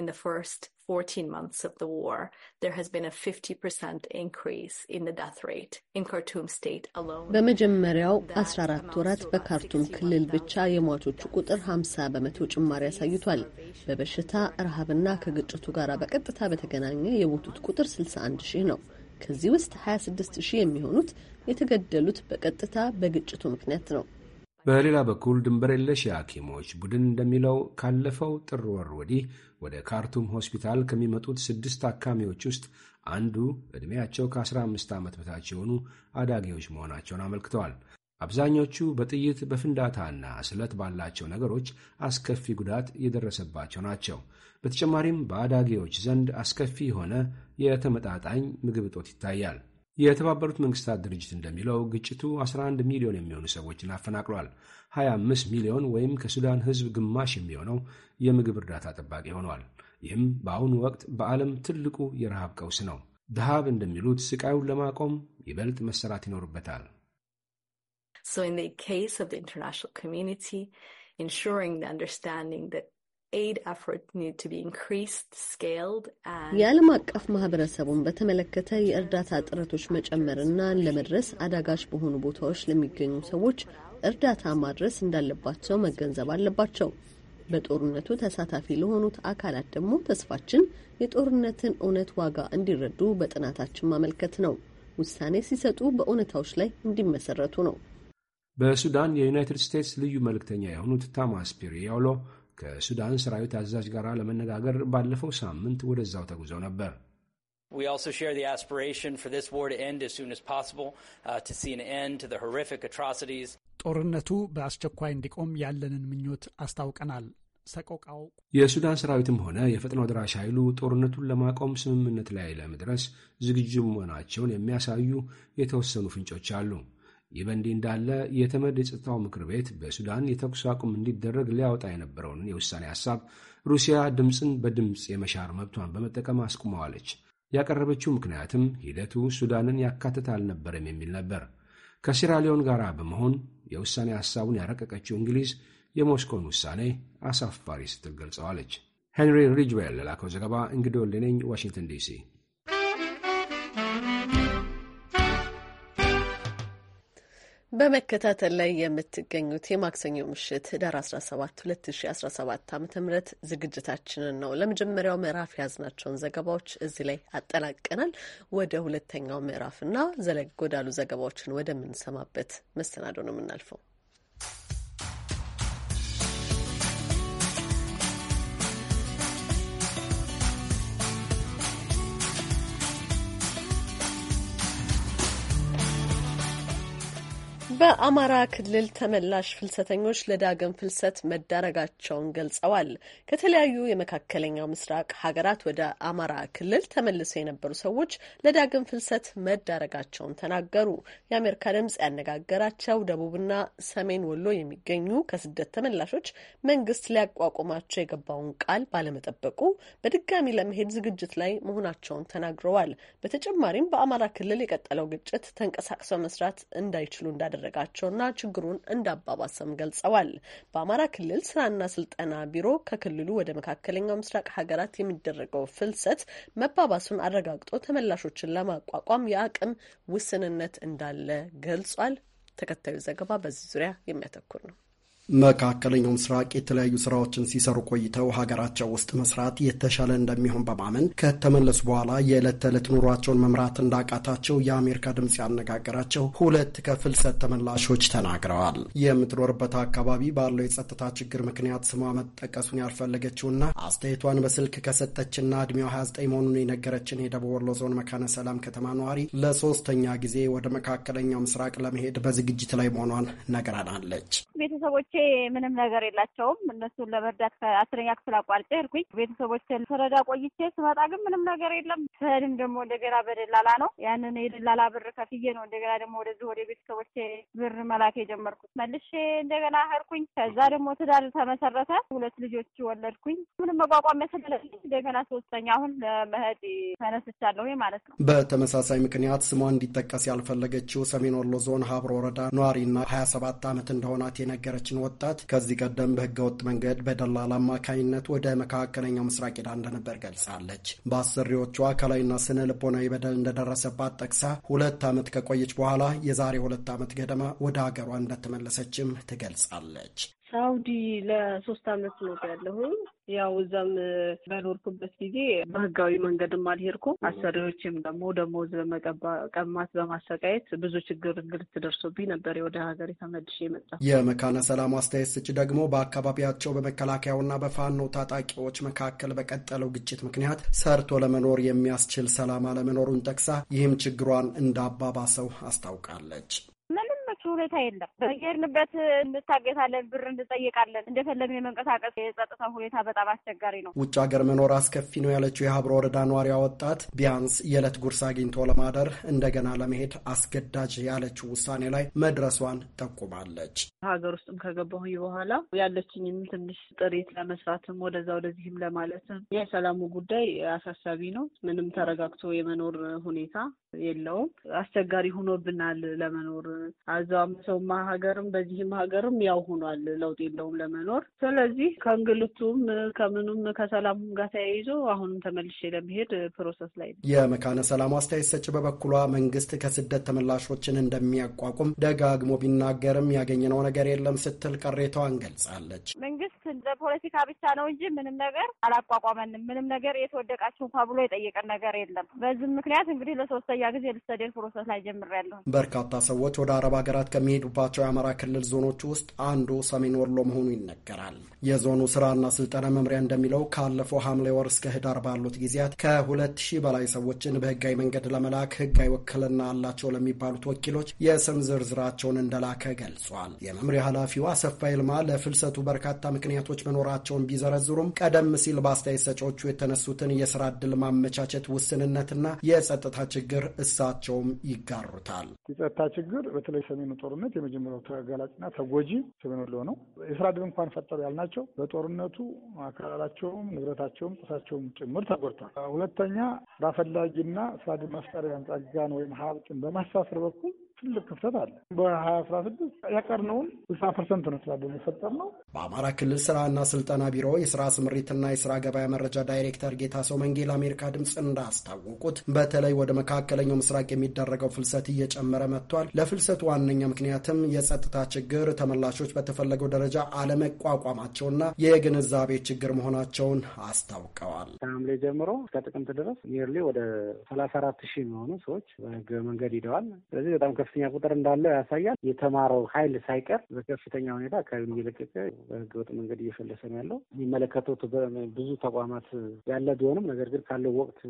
In the first 14 months of the war, there has been a 50% increase in the death rate in Khartoum state alone. በመጀመሪያው 14 ወራት በካርቱም ክልል ብቻ የሟቾቹ ቁጥር 50 በመቶ ጭማሪ አሳይቷል። በበሽታ ረሃብና ከግጭቱ ጋር በቀጥታ በተገናኘ የሞቱት ቁጥር 61 ሺህ ነው። ከዚህ ውስጥ 26 ሺህ የሚሆኑት የተገደሉት በቀጥታ በግጭቱ ምክንያት ነው። በሌላ በኩል ድንበር የለሽ የሐኪሞች ቡድን እንደሚለው ካለፈው ጥር ወር ወዲህ ወደ ካርቱም ሆስፒታል ከሚመጡት ስድስት ታካሚዎች ውስጥ አንዱ ዕድሜያቸው ከ15 ዓመት በታች የሆኑ አዳጊዎች መሆናቸውን አመልክተዋል። አብዛኞቹ በጥይት በፍንዳታና ስለት ባላቸው ነገሮች አስከፊ ጉዳት የደረሰባቸው ናቸው። በተጨማሪም በአዳጊዎች ዘንድ አስከፊ የሆነ የተመጣጣኝ ምግብ እጦት ይታያል። የተባበሩት መንግስታት ድርጅት እንደሚለው ግጭቱ 11 ሚሊዮን የሚሆኑ ሰዎችን አፈናቅሏል። 25 ሚሊዮን ወይም ከሱዳን ሕዝብ ግማሽ የሚሆነው የምግብ እርዳታ ጠባቂ ሆኗል። ይህም በአሁኑ ወቅት በዓለም ትልቁ የረሃብ ቀውስ ነው። ድሃብ እንደሚሉት ስቃዩን ለማቆም ይበልጥ መሰራት ይኖርበታል። So in the case of the international community, ensuring the understanding that የዓለም አቀፍ ማህበረሰቡን በተመለከተ የእርዳታ ጥረቶች መጨመርና ለመድረስ አዳጋች በሆኑ ቦታዎች ለሚገኙ ሰዎች እርዳታ ማድረስ እንዳለባቸው መገንዘብ አለባቸው። በጦርነቱ ተሳታፊ ለሆኑት አካላት ደግሞ ተስፋችን የጦርነትን እውነት ዋጋ እንዲረዱ በጥናታችን ማመልከት ነው። ውሳኔ ሲሰጡ በእውነታዎች ላይ እንዲመሰረቱ ነው። በሱዳን የዩናይትድ ስቴትስ ልዩ መልእክተኛ የሆኑት ታማስ ያውሎ ከሱዳን ሰራዊት አዛዥ ጋር ለመነጋገር ባለፈው ሳምንት ወደዛው ተጉዘው ነበር። uh, ጦርነቱ በአስቸኳይ እንዲቆም ያለንን ምኞት አስታውቀናል። ሰቆቃው የሱዳን ሰራዊትም ሆነ የፈጥኖ ደራሽ ኃይሉ ጦርነቱን ለማቆም ስምምነት ላይ ለመድረስ ዝግጁ መሆናቸውን የሚያሳዩ የተወሰኑ ፍንጮች አሉ። ይህ በእንዲህ እንዳለ የተመድ የጸጥታው ምክር ቤት በሱዳን የተኩስ አቁም እንዲደረግ ሊያወጣ የነበረውን የውሳኔ ሐሳብ ሩሲያ ድምፅን በድምፅ የመሻር መብቷን በመጠቀም አስቁመዋለች። ያቀረበችው ምክንያትም ሂደቱ ሱዳንን ያካትት አልነበረም የሚል ነበር። ከሲራሊዮን ጋር በመሆን የውሳኔ ሐሳቡን ያረቀቀችው እንግሊዝ የሞስኮን ውሳኔ አሳፋሪ ስትል ገልጸዋለች። ሄንሪ ሪጅዌል ለላከው ዘገባ እንግዲ ወልደነኝ ዋሽንግተን ዲሲ በመከታተል ላይ የምትገኙት የማክሰኞ ምሽት ህዳር 17 2017 ዓ ም ዝግጅታችንን ነው። ለመጀመሪያው ምዕራፍ የያዝናቸውን ዘገባዎች እዚህ ላይ አጠናቀናል። ወደ ሁለተኛው ምዕራፍና ዘለግ ወዳሉ ዘገባዎችን ወደምንሰማበት መሰናዶ ነው የምናልፈው። በአማራ ክልል ተመላሽ ፍልሰተኞች ለዳግም ፍልሰት መዳረጋቸውን ገልጸዋል። ከተለያዩ የመካከለኛው ምስራቅ ሀገራት ወደ አማራ ክልል ተመልሰው የነበሩ ሰዎች ለዳግም ፍልሰት መዳረጋቸውን ተናገሩ። የአሜሪካ ድምጽ ያነጋገራቸው ደቡብና ሰሜን ወሎ የሚገኙ ከስደት ተመላሾች መንግስት ሊያቋቁማቸው የገባውን ቃል ባለመጠበቁ በድጋሚ ለመሄድ ዝግጅት ላይ መሆናቸውን ተናግረዋል። በተጨማሪም በአማራ ክልል የቀጠለው ግጭት ተንቀሳቅሰው መስራት እንዳይችሉ እንዳደረገ እንዳደረጋቸውና ችግሩን እንዳባባሰም ገልጸዋል። በአማራ ክልል ስራና ስልጠና ቢሮ ከክልሉ ወደ መካከለኛው ምስራቅ ሀገራት የሚደረገው ፍልሰት መባባሱን አረጋግጦ ተመላሾችን ለማቋቋም የአቅም ውስንነት እንዳለ ገልጿል። ተከታዩ ዘገባ በዚህ ዙሪያ የሚያተኩር ነው። መካከለኛው ምስራቅ የተለያዩ ስራዎችን ሲሰሩ ቆይተው ሀገራቸው ውስጥ መስራት የተሻለ እንደሚሆን በማመን ከተመለሱ በኋላ የዕለት ተዕለት ኑሯቸውን መምራት እንዳቃታቸው የአሜሪካ ድምፅ ያነጋገራቸው ሁለት ከፍል ተመላሾች ተናግረዋል። የምትኖርበት አካባቢ ባለው የጸጥታ ችግር ምክንያት ስሟ መጠቀሱን ያልፈለገችውና አስተያየቷን በስልክ ከሰጠችና እድሜዋ 29 መሆኑን የነገረችን የደቡብ ወሎ ዞን መካነ ሰላም ከተማ ነዋሪ ለሶስተኛ ጊዜ ወደ መካከለኛው ምስራቅ ለመሄድ በዝግጅት ላይ መሆኗን ነግራናለች። ቤተሰቦች ቤተሰቦቼ ምንም ነገር የላቸውም። እነሱን ለመርዳት ከአስረኛ ክፍል አቋርጬ ሄድኩኝ። ቤተሰቦችን ስረዳ ቆይቼ ስመጣ ግን ምንም ነገር የለም። ስሄድም ደግሞ እንደገና በደላላ ነው። ያንን የደላላ ብር ከፍዬ ነው እንደገና ደግሞ ወደዚህ ወደ ቤተሰቦቼ ብር መላክ የጀመርኩት። መልሼ እንደገና ሄድኩኝ። ከዛ ደግሞ ትዳር ተመሰረተ። ሁለት ልጆች ወለድኩኝ። ምንም መቋቋሚያ ስለሌለኝ እንደገና ሶስተኛ አሁን ለመሄድ ተነስቻለሁ ማለት ነው። በተመሳሳይ ምክንያት ስሟ እንዲጠቀስ ያልፈለገችው ሰሜን ወሎ ዞን ሀብሮ ወረዳ ነዋሪና ሀያ ሰባት ዓመት እንደሆናት ነው። ወጣት ከዚህ ቀደም በህገወጥ መንገድ በደላላ አማካኝነት ወደ መካከለኛው ምስራቅ ሄዳ እንደነበር ገልጻለች። በአሰሪዎቿ አካላዊና ስነ ልቦናዊ በደል እንደደረሰባት ጠቅሳ ሁለት ዓመት ከቆየች በኋላ የዛሬ ሁለት ዓመት ገደማ ወደ ሀገሯ እንደተመለሰችም ትገልጻለች። ሳውዲ ለሶስት አመት ነው ያለሁኝ። ያው እዛም በኖርኩበት ጊዜ በህጋዊ መንገድም አልሄድኩም። አሰሪዎችም ደግሞ ደሞዝ በመቀማት በማሰቃየት ብዙ ችግር እንግልት ደርሶብኝ ነበር ወደ ሀገሬ ተመልሼ መጣ። የመካነ ሰላም አስተያየት ስጭ ደግሞ በአካባቢያቸው በመከላከያውና በፋኖ ታጣቂዎች መካከል በቀጠለው ግጭት ምክንያት ሰርቶ ለመኖር የሚያስችል ሰላም አለመኖሩን ጠቅሳ ይህም ችግሯን እንዳባባሰው አስታውቃለች። ሁኔታ የለም። በየሄድንበት እንታገታለን፣ ብር እንጠይቃለን። እንደፈለግን የመንቀሳቀስ የጸጥታ ሁኔታ በጣም አስቸጋሪ ነው። ውጭ ሀገር መኖር አስከፊ ነው ያለችው የሀብሮ ወረዳ ነዋሪያ ወጣት ቢያንስ የዕለት ጉርስ አግኝቶ ለማደር እንደገና ለመሄድ አስገዳጅ ያለችው ውሳኔ ላይ መድረሷን ጠቁማለች። ሀገር ውስጥም ከገባሁኝ በኋላ ያለችኝም ትንሽ ጥሪት ለመስራትም ወደዛ ወደዚህም ለማለትም የሰላሙ ጉዳይ አሳሳቢ ነው። ምንም ተረጋግቶ የመኖር ሁኔታ የለውም። አስቸጋሪ ሆኖብናል ለመኖር። እዛው በዛም ሀገርም በዚህም ሀገርም ያው ሆኗል። ለውጥ የለውም ለመኖር። ስለዚህ ከእንግልቱም ከምኑም ከሰላሙም ጋር ተያይዞ አሁንም ተመልሼ ለመሄድ ፕሮሰስ ላይ ነው። የመካነ ሰላም አስተያየት ሰጭ በበኩሏ መንግስት ከስደት ተመላሾችን እንደሚያቋቁም ደጋግሞ ቢናገርም ያገኘነው ነገር የለም ስትል ቅሬታዋን ገልጻለች። መንግስት ለፖለቲካ ብቻ ነው እንጂ ምንም ነገር አላቋቋመንም። ምንም ነገር የተወደቃችሁ እንኳ ብሎ የጠየቀን ነገር የለም። በዚህም ምክንያት እንግዲህ ለሶስተኛ ጊዜ ልሰደድ ፕሮሰስ ላይ ጀምሬያለሁ። በርካታ ሰዎች ወደ አረብ ሀገራት ከሚሄዱባቸው የአማራ ክልል ዞኖች ውስጥ አንዱ ሰሜን ወሎ መሆኑ ይነገራል። የዞኑ ስራና ስልጠና መምሪያ እንደሚለው ካለፈው ሐምሌ ወር እስከ ህዳር ባሉት ጊዜያት ከሁለት ሺህ በላይ ሰዎችን በህጋዊ መንገድ ለመላክ ህጋዊ ውክልና አላቸው ለሚባሉት ወኪሎች የስም ዝርዝራቸውን እንደላከ ገልጿል። የመምሪያ ኃላፊው አሰፋ ይልማ ለፍልሰቱ በርካታ ምክንያት ምክንያቶች መኖራቸውን ቢዘረዝሩም ቀደም ሲል በአስተያየት ሰጪዎቹ የተነሱትን የስራ ድል ማመቻቸት ውስንነትና የጸጥታ ችግር እሳቸውም ይጋሩታል። የጸጥታ ችግር በተለይ ሰሜኑ ጦርነት የመጀመሪያው ተጋላጭና ተጎጂ ሰሜኑ ወሎ ነው። የስራ ዕድል እንኳን ፈጠሩ ያልናቸው በጦርነቱ አካላቸውም ንብረታቸውም ቁሳቸውም ጭምር ተጎድቷል። ሁለተኛ ስራ ፈላጊና ስራ ዕድል መፍጠሪያ ጸጋን ወይም ሀብትን በማሳሰር በኩል ትልቅ ክፍተት አለ። በሀያ አስራ ስድስት ያቀርነውን ስልሳ ፐርሰንት ነው ስራ ዕድል የፈጠርነው በአማራ ክልል ስራና ስልጠና ቢሮ የስራ ስምሪትና የስራ ገበያ መረጃ ዳይሬክተር ሰው መንጌ ለአሜሪካ ድምፅ እንዳስታወቁት በተለይ ወደ መካከለኛው ምስራቅ የሚደረገው ፍልሰት እየጨመረ መጥቷል። ለፍልሰቱ ዋነኛ ምክንያትም የጸጥታ ችግር፣ ተመላሾች በተፈለገው ደረጃ አለመቋቋማቸውና የግንዛቤ ችግር መሆናቸውን አስታውቀዋል። ከሐምሌ ጀምሮ እስከ ጥቅምት ድረስ ኒርሊ ወደ ሰላሳ አራት ሺህ የሚሆኑ ሰዎች በህገ መንገድ ሂደዋል። ስለዚህ በጣም ከፍተኛ ቁጥር እንዳለው ያሳያል። የተማረው ኃይል ሳይቀር በከፍተኛ ሁኔታ አካባቢ እየለቀቀ በህገወጥ መንገድ እየፈለሰ ነው ያለው። የሚመለከቱት ብዙ ተቋማት ያለ ቢሆንም ነገር ግን ካለው ወቅት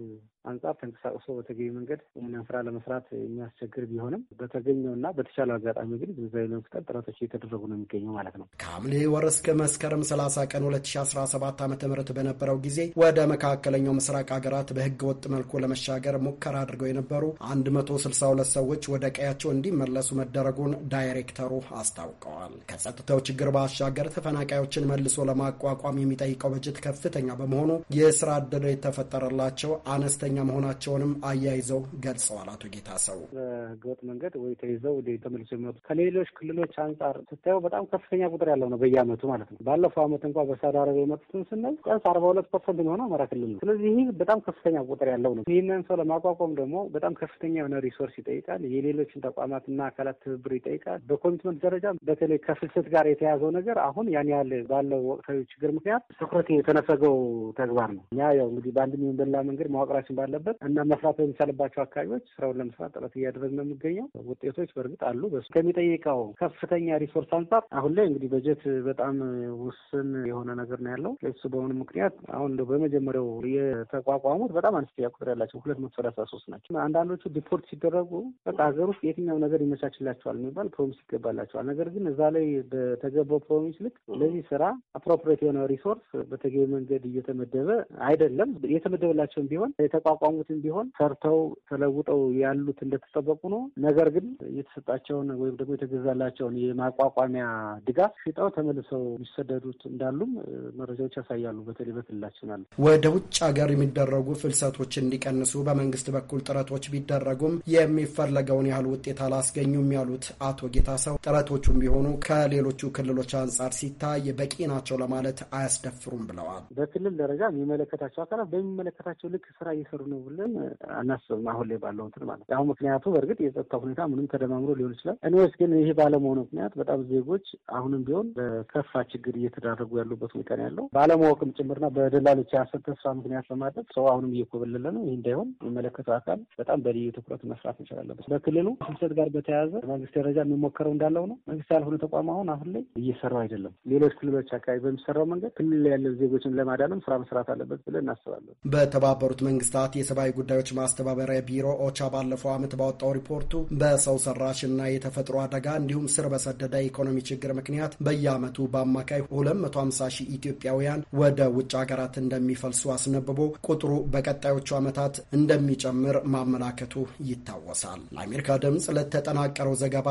አንጻር ተንቀሳቅሶ በተገቢ መንገድ ይህንን ስራ ለመስራት የሚያስቸግር ቢሆንም በተገኘው እና በተቻለው አጋጣሚ ግን ግንዛቤ ለመፍጠር ጥረቶች እየተደረጉ ነው የሚገኘው ማለት ነው። ከሐምሌ ወር እስከ መስከረም 30 ቀን 2017 ዓ ም በነበረው ጊዜ ወደ መካከለኛው ምስራቅ ሀገራት በህገ ወጥ መልኩ ለመሻገር ሙከራ አድርገው የነበሩ 162 ሰዎች ወደ ቀያቸው እንዲመለሱ መደረጉን ዳይሬክተሩ አስታውቀዋል። ከጸጥታው ችግር ባሻገር ተፈናቃዮችን መልሶ ለማቋቋም የሚጠይቀው በጀት ከፍተኛ በመሆኑ የስራ እድል የተፈጠረላቸው አነስተኛ መሆናቸውንም አያይዘው ገልጸዋል። አቶ ጌታ ሰው በህገወጥ መንገድ ወይ ተይዘው ተመልሶ የሚመጡ ከሌሎች ክልሎች አንጻር ስታየው በጣም ከፍተኛ ቁጥር ያለው ነው በየአመቱ ማለት ነው። ባለፈው አመት እንኳ በሳውዲ አረቢያ የመጡትን ስናይ ቀንስ አርባ ሁለት ፐርሰንት የሚሆነው አማራ ክልል ነው። ስለዚህ ይህ በጣም ከፍተኛ ቁጥር ያለው ነው። ይህንን ሰው ለማቋቋም ደግሞ በጣም ከፍተኛ የሆነ ሪሶርስ ይጠይቃል። የሌሎችን ተቋማትና አካላት ትብብር ይጠይቃል። በኮሚትመንት ደረጃ በተለይ ከፍልሰት ጋር የተያዘው ነገር አሁን ያን ያህል ባለው ወቅታዊ ችግር ምክንያት ትኩረት የተነፈገው ተግባር ነው። እኛ ያው እንግዲህ በአንድ ይሁን በሌላ መንገድ መዋቅራችን ባለበት እና መስራት በሚቻልባቸው አካባቢዎች ስራውን ለመስራት ጥረት እያደረግን ነው የሚገኘው። ውጤቶች በእርግጥ አሉ። በሱ ከሚጠይቀው ከፍተኛ ሪሶርስ አንጻር አሁን ላይ እንግዲህ በጀት በጣም ውስን የሆነ ነገር ነው ያለው። እሱ በሆኑ ምክንያት አሁን በመጀመሪያው የተቋቋሙት በጣም አነስተኛ ቁጥር ያላቸው ሁለት መቶ ሰላሳ ሶስት ናቸው። አንዳንዶቹ ዲፖርት ሲደረጉ በቃ ሀገር ውስጥ የትኛው ነገር ይመቻችላቸዋል የሚባል ፕሮሚስ ይገባላቸዋል። ነገር ግን እዛ ላይ በተገባው ፕሮሚስ ልክ ለዚህ ስራ አፕሮፕሬት የሆነ ሪሶርስ በተገቢ መንገድ እየተመደበ አይደለም። እየተመደበላቸውም ቢሆን የተቋቋሙትም ቢሆን ሰርተው ተለውጠው ያሉት እንደተጠበቁ ነው። ነገር ግን የተሰጣቸውን ወይም ደግሞ የተገዛላቸውን የማቋቋሚያ ድጋፍ ሽጠው ተመልሰው የሚሰደዱት እንዳሉም መረጃዎች ያሳያሉ። በተለይ በክልላችን አለ። ወደ ውጭ ሀገር የሚደረጉ ፍልሰቶች እንዲቀንሱ በመንግስት በኩል ጥረቶች ቢደረጉም የሚፈለገውን ያህል ውጤት አላስገኙም ያሉት አቶ ሰው ጥረቶቹም ቢሆኑ ከሌሎቹ ክልሎች አንጻር ሲ ሲታይ በቂ ናቸው ለማለት አያስደፍሩም ብለዋል። በክልል ደረጃ የሚመለከታቸው አካላት በሚመለከታቸው ልክ ስራ እየሰሩ ነው ብለን አናስብም። አሁን ላይ ባለው እንትን ማለት አሁን ምክንያቱ በእርግጥ የጸጥታ ሁኔታ ምንም ተደማምሮ ሊሆን ይችላል። እኔስ ግን ይሄ ባለመሆኑ ምክንያት በጣም ዜጎች አሁንም ቢሆን በከፋ ችግር እየተዳረጉ ያሉበት ሁኔታ ነው ያለው። ባለማወቅም ጭምርና በደላሎች የሐሰት ተስፋ ምክንያት በማድረግ ሰው አሁንም እየኮበለለ ነው። ይህ እንዳይሆን የሚመለከተው አካል በጣም በልዩ ትኩረት መስራት እንችላለበት። በክልሉ ፍልሰት ጋር በተያያዘ መንግስት ደረጃ የሚሞከረው እንዳለው ነው። መንግስት ያልሆነ ተቋም አሁን አሁን ላይ እየሰራው አይደለም። ሌሎች ክልሎች አካባቢ በሚሰራው መንገድ ክልል ያለን ዜጎችን ለማዳንም ስራ መስራት አለበት ብለን እናስባለን። በተባበሩት መንግስታት የሰብአዊ ጉዳዮች ማስተባበሪያ ቢሮ ኦቻ ባለፈው ዓመት ባወጣው ሪፖርቱ በሰው ሰራሽ እና የተፈጥሮ አደጋ እንዲሁም ስር በሰደደ የኢኮኖሚ ችግር ምክንያት በየዓመቱ በአማካይ 250 ሺህ ኢትዮጵያውያን ወደ ውጭ ሀገራት እንደሚፈልሱ አስነብቦ ቁጥሩ በቀጣዮቹ ዓመታት እንደሚጨምር ማመላከቱ ይታወሳል። ለአሜሪካ ድምፅ ለተጠናቀረው ዘገባ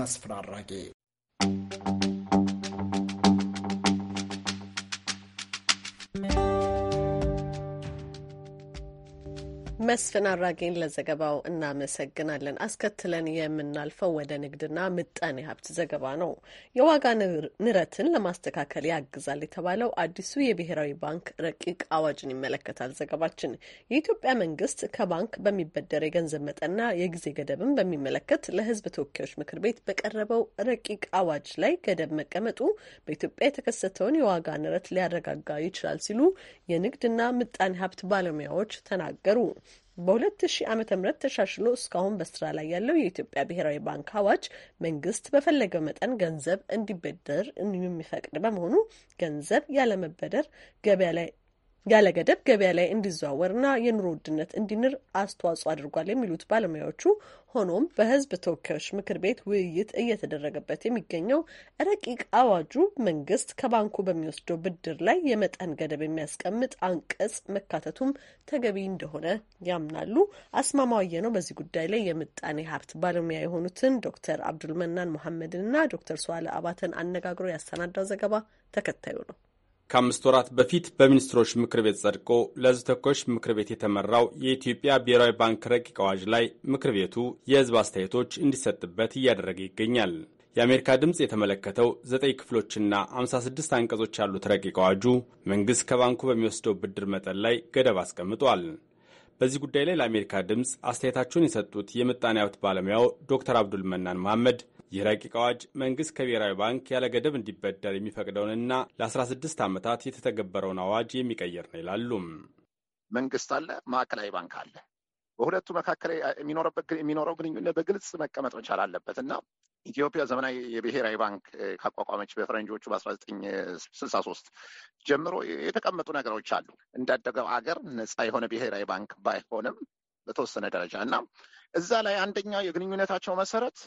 መስፍን አራጌ መስፍን አራጌን ለዘገባው እናመሰግናለን። አስከትለን የምናልፈው ወደ ንግድና ምጣኔ ሀብት ዘገባ ነው። የዋጋ ንረትን ለማስተካከል ያግዛል የተባለው አዲሱ የብሔራዊ ባንክ ረቂቅ አዋጅን ይመለከታል ዘገባችን። የኢትዮጵያ መንግስት ከባንክ በሚበደር የገንዘብ መጠንና የጊዜ ገደብን በሚመለከት ለሕዝብ ተወካዮች ምክር ቤት በቀረበው ረቂቅ አዋጅ ላይ ገደብ መቀመጡ በኢትዮጵያ የተከሰተውን የዋጋ ንረት ሊያረጋጋ ይችላል ሲሉ የንግድና ምጣኔ ሀብት ባለሙያዎች ተናገሩ። በ2000 ዓ ም ተሻሽሎ እስካሁን በስራ ላይ ያለው የኢትዮጵያ ብሔራዊ ባንክ አዋጅ መንግስት በፈለገው መጠን ገንዘብ እንዲበደር የሚፈቅድ በመሆኑ ገንዘብ ያለመበደር ገበያ ላይ ያለ ገደብ ገበያ ላይ እንዲዘዋወርና የኑሮ ውድነት እንዲንር አስተዋጽኦ አድርጓል የሚሉት ባለሙያዎቹ፣ ሆኖም በህዝብ ተወካዮች ምክር ቤት ውይይት እየተደረገበት የሚገኘው ረቂቅ አዋጁ መንግስት ከባንኩ በሚወስደው ብድር ላይ የመጠን ገደብ የሚያስቀምጥ አንቀጽ መካተቱም ተገቢ እንደሆነ ያምናሉ። አስማማዋየ ነው በዚህ ጉዳይ ላይ የምጣኔ ሀብት ባለሙያ የሆኑትን ዶክተር አብዱልመናን መሐመድንና ዶክተር ሰዋለ አባተን አነጋግሮ ያሰናዳው ዘገባ ተከታዩ ነው። ከአምስት ወራት በፊት በሚኒስትሮች ምክር ቤት ጸድቆ ለሕዝብ ተወካዮች ምክር ቤት የተመራው የኢትዮጵያ ብሔራዊ ባንክ ረቂቅ አዋጅ ላይ ምክር ቤቱ የሕዝብ አስተያየቶች እንዲሰጥበት እያደረገ ይገኛል። የአሜሪካ ድምፅ የተመለከተው ዘጠኝ ክፍሎችና 56 አንቀጾች ያሉት ረቂቅ አዋጁ መንግሥት ከባንኩ በሚወስደው ብድር መጠን ላይ ገደብ አስቀምጧል። በዚህ ጉዳይ ላይ ለአሜሪካ ድምፅ አስተያየታቸውን የሰጡት የምጣኔ ሀብት ባለሙያው ዶክተር አብዱል መናን መሐመድ ይህ ረቂቅ አዋጅ መንግስት ከብሔራዊ ባንክ ያለ ገደብ እንዲበደር የሚፈቅደውንና ለ16 ዓመታት የተተገበረውን አዋጅ የሚቀይር ነው ይላሉም። መንግስት አለ፣ ማዕከላዊ ባንክ አለ። በሁለቱ መካከል የሚኖረው ግንኙነት በግልጽ መቀመጥ መቻል አለበት እና ኢትዮጵያ ዘመናዊ የብሔራዊ ባንክ ካቋቋመች በፈረንጆቹ በ1963 ጀምሮ የተቀመጡ ነገሮች አሉ። እንዳደገው አገር ነፃ የሆነ ብሔራዊ ባንክ ባይሆንም በተወሰነ ደረጃ እና እዛ ላይ አንደኛው የግንኙነታቸው መሰረት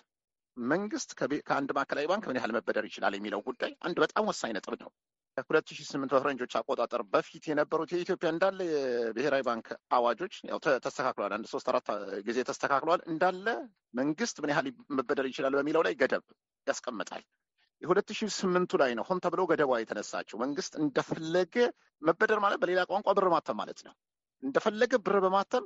መንግስት ከአንድ ማዕከላዊ ባንክ ምን ያህል መበደር ይችላል የሚለው ጉዳይ አንድ በጣም ወሳኝ ነጥብ ነው። ከሁለት ሺ ስምንት በፈረንጆች አቆጣጠር በፊት የነበሩት የኢትዮጵያ እንዳለ የብሔራዊ ባንክ አዋጆች ያው ተስተካክለዋል። አንድ ሶስት አራት ጊዜ ተስተካክለዋል። እንዳለ መንግስት ምን ያህል መበደር ይችላል በሚለው ላይ ገደብ ያስቀምጣል። የሁለት ሺ ስምንቱ ላይ ነው ሆን ተብሎ ገደቧ የተነሳቸው መንግስት እንደፈለገ መበደር ማለት በሌላ ቋንቋ ብር ማተም ማለት ነው። እንደፈለገ ብር በማተም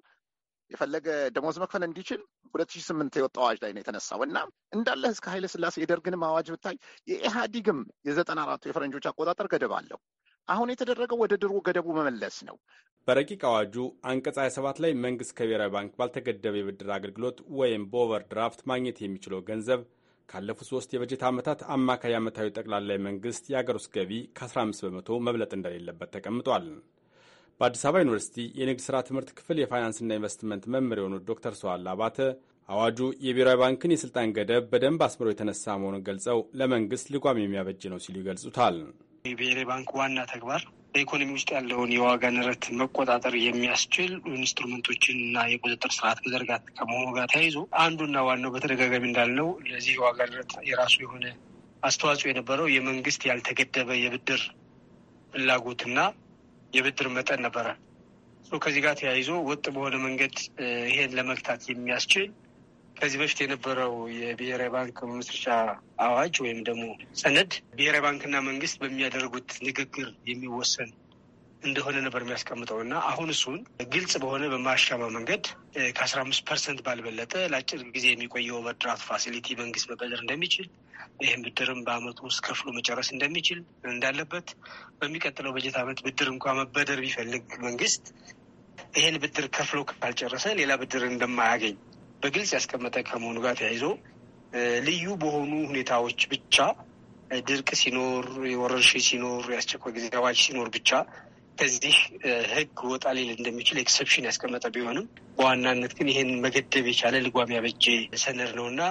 የፈለገ ደሞዝ መክፈል እንዲችል ሁለት ሺ ስምንት የወጣው አዋጅ ላይ ነው የተነሳው እና እንዳለ እስከ ኃይለ ስላሴ የደርግንም አዋጅ ብታይ የኢህአዲግም የዘጠና አራቱ የፈረንጆች አቆጣጠር ገደብ አለው። አሁን የተደረገው ወደ ድሮ ገደቡ መመለስ ነው። በረቂቅ አዋጁ አንቀጽ 27 ላይ መንግስት ከብሔራዊ ባንክ ባልተገደበ የብድር አገልግሎት ወይም በኦቨር ድራፍት ማግኘት የሚችለው ገንዘብ ካለፉት ሶስት የበጀት ዓመታት አማካይ ዓመታዊ ጠቅላላ መንግስት የአገር ውስጥ ገቢ ከ15 በመቶ መብለጥ እንደሌለበት ተቀምጧል። በአዲስ አበባ ዩኒቨርሲቲ የንግድ ሥራ ትምህርት ክፍል የፋይናንስና ኢንቨስትመንት መምህር የሆኑት ዶክተር ሰዋላ አባተ አዋጁ የብሔራዊ ባንክን የስልጣን ገደብ በደንብ አስምሮ የተነሳ መሆኑን ገልጸው ለመንግስት ልጓም የሚያበጅ ነው ሲሉ ይገልጹታል። የብሔራዊ ባንክ ዋና ተግባር በኢኮኖሚ ውስጥ ያለውን የዋጋ ንረት መቆጣጠር የሚያስችል ኢንስትሩመንቶችን እና የቁጥጥር ስርዓት መዘርጋት ከመሆኑ ጋር ተያይዞ አንዱና ዋናው በተደጋጋሚ እንዳልነው ለዚህ የዋጋ ንረት የራሱ የሆነ አስተዋጽኦ የነበረው የመንግስት ያልተገደበ የብድር ፍላጎትና የብድር መጠን ነበረ። ከዚህ ጋር ተያይዞ ወጥ በሆነ መንገድ ይሄን ለመግታት የሚያስችል ከዚህ በፊት የነበረው የብሔራዊ ባንክ መመስረቻ አዋጅ ወይም ደግሞ ሰነድ ብሔራዊ ባንክና መንግስት በሚያደርጉት ንግግር የሚወሰን እንደሆነ ነበር የሚያስቀምጠው እና አሁን እሱን ግልጽ በሆነ በማያሻማ መንገድ ከአስራ አምስት ፐርሰንት ባልበለጠ ለአጭር ጊዜ የሚቆየው ኦቨርድራፍት ፋሲሊቲ መንግስት መበደር እንደሚችል ይህ ብድርም በአመቱ ውስጥ ከፍሎ መጨረስ እንደሚችል እንዳለበት በሚቀጥለው በጀት አመት ብድር እንኳ መበደር ቢፈልግ መንግስት ይህን ብድር ከፍሎ ካልጨረሰ ሌላ ብድር እንደማያገኝ በግልጽ ያስቀመጠ ከመሆኑ ጋር ተያይዞ ልዩ በሆኑ ሁኔታዎች ብቻ ድርቅ ሲኖር፣ የወረርሽኝ ሲኖር፣ የአስቸኳይ ጊዜ አዋጅ ሲኖር ብቻ ከዚህ ህግ ወጣ ሊል እንደሚችል ኤክሰፕሽን ያስቀመጠ ቢሆንም በዋናነት ግን ይህን መገደብ የቻለ ልጓም ያበጀ ሰነድ ነው እና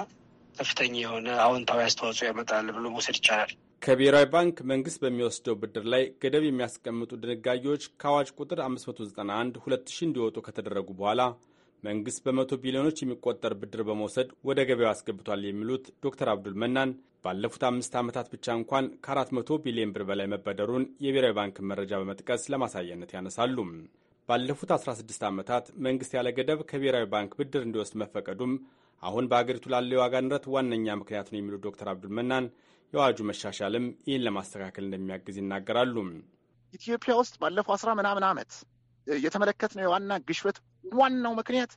ከፍተኛ የሆነ አዎንታዊ አስተዋጽኦ ያመጣል ብሎ መውሰድ ይቻላል። ከብሔራዊ ባንክ መንግስት በሚወስደው ብድር ላይ ገደብ የሚያስቀምጡ ድንጋጌዎች ከአዋጅ ቁጥር 591 2000 እንዲወጡ ከተደረጉ በኋላ መንግስት በመቶ ቢሊዮኖች የሚቆጠር ብድር በመውሰድ ወደ ገበያው አስገብቷል የሚሉት ዶክተር አብዱል መናን ባለፉት አምስት ዓመታት ብቻ እንኳን ከ400 ቢሊዮን ብር በላይ መበደሩን የብሔራዊ ባንክ መረጃ በመጥቀስ ለማሳያነት ያነሳሉ። ባለፉት 16 ዓመታት መንግስት ያለ ገደብ ከብሔራዊ ባንክ ብድር እንዲወስድ መፈቀዱም አሁን በአገሪቱ ላለው የዋጋ ንረት ዋነኛ ምክንያት ነው የሚሉት ዶክተር አብዱል መናን የዋጁ መሻሻልም ይህን ለማስተካከል እንደሚያግዝ ይናገራሉ። ኢትዮጵያ ውስጥ ባለፈው አስራ ምናምን ዓመት የተመለከትነው የዋና ግሽበት ዋናው ምክንያት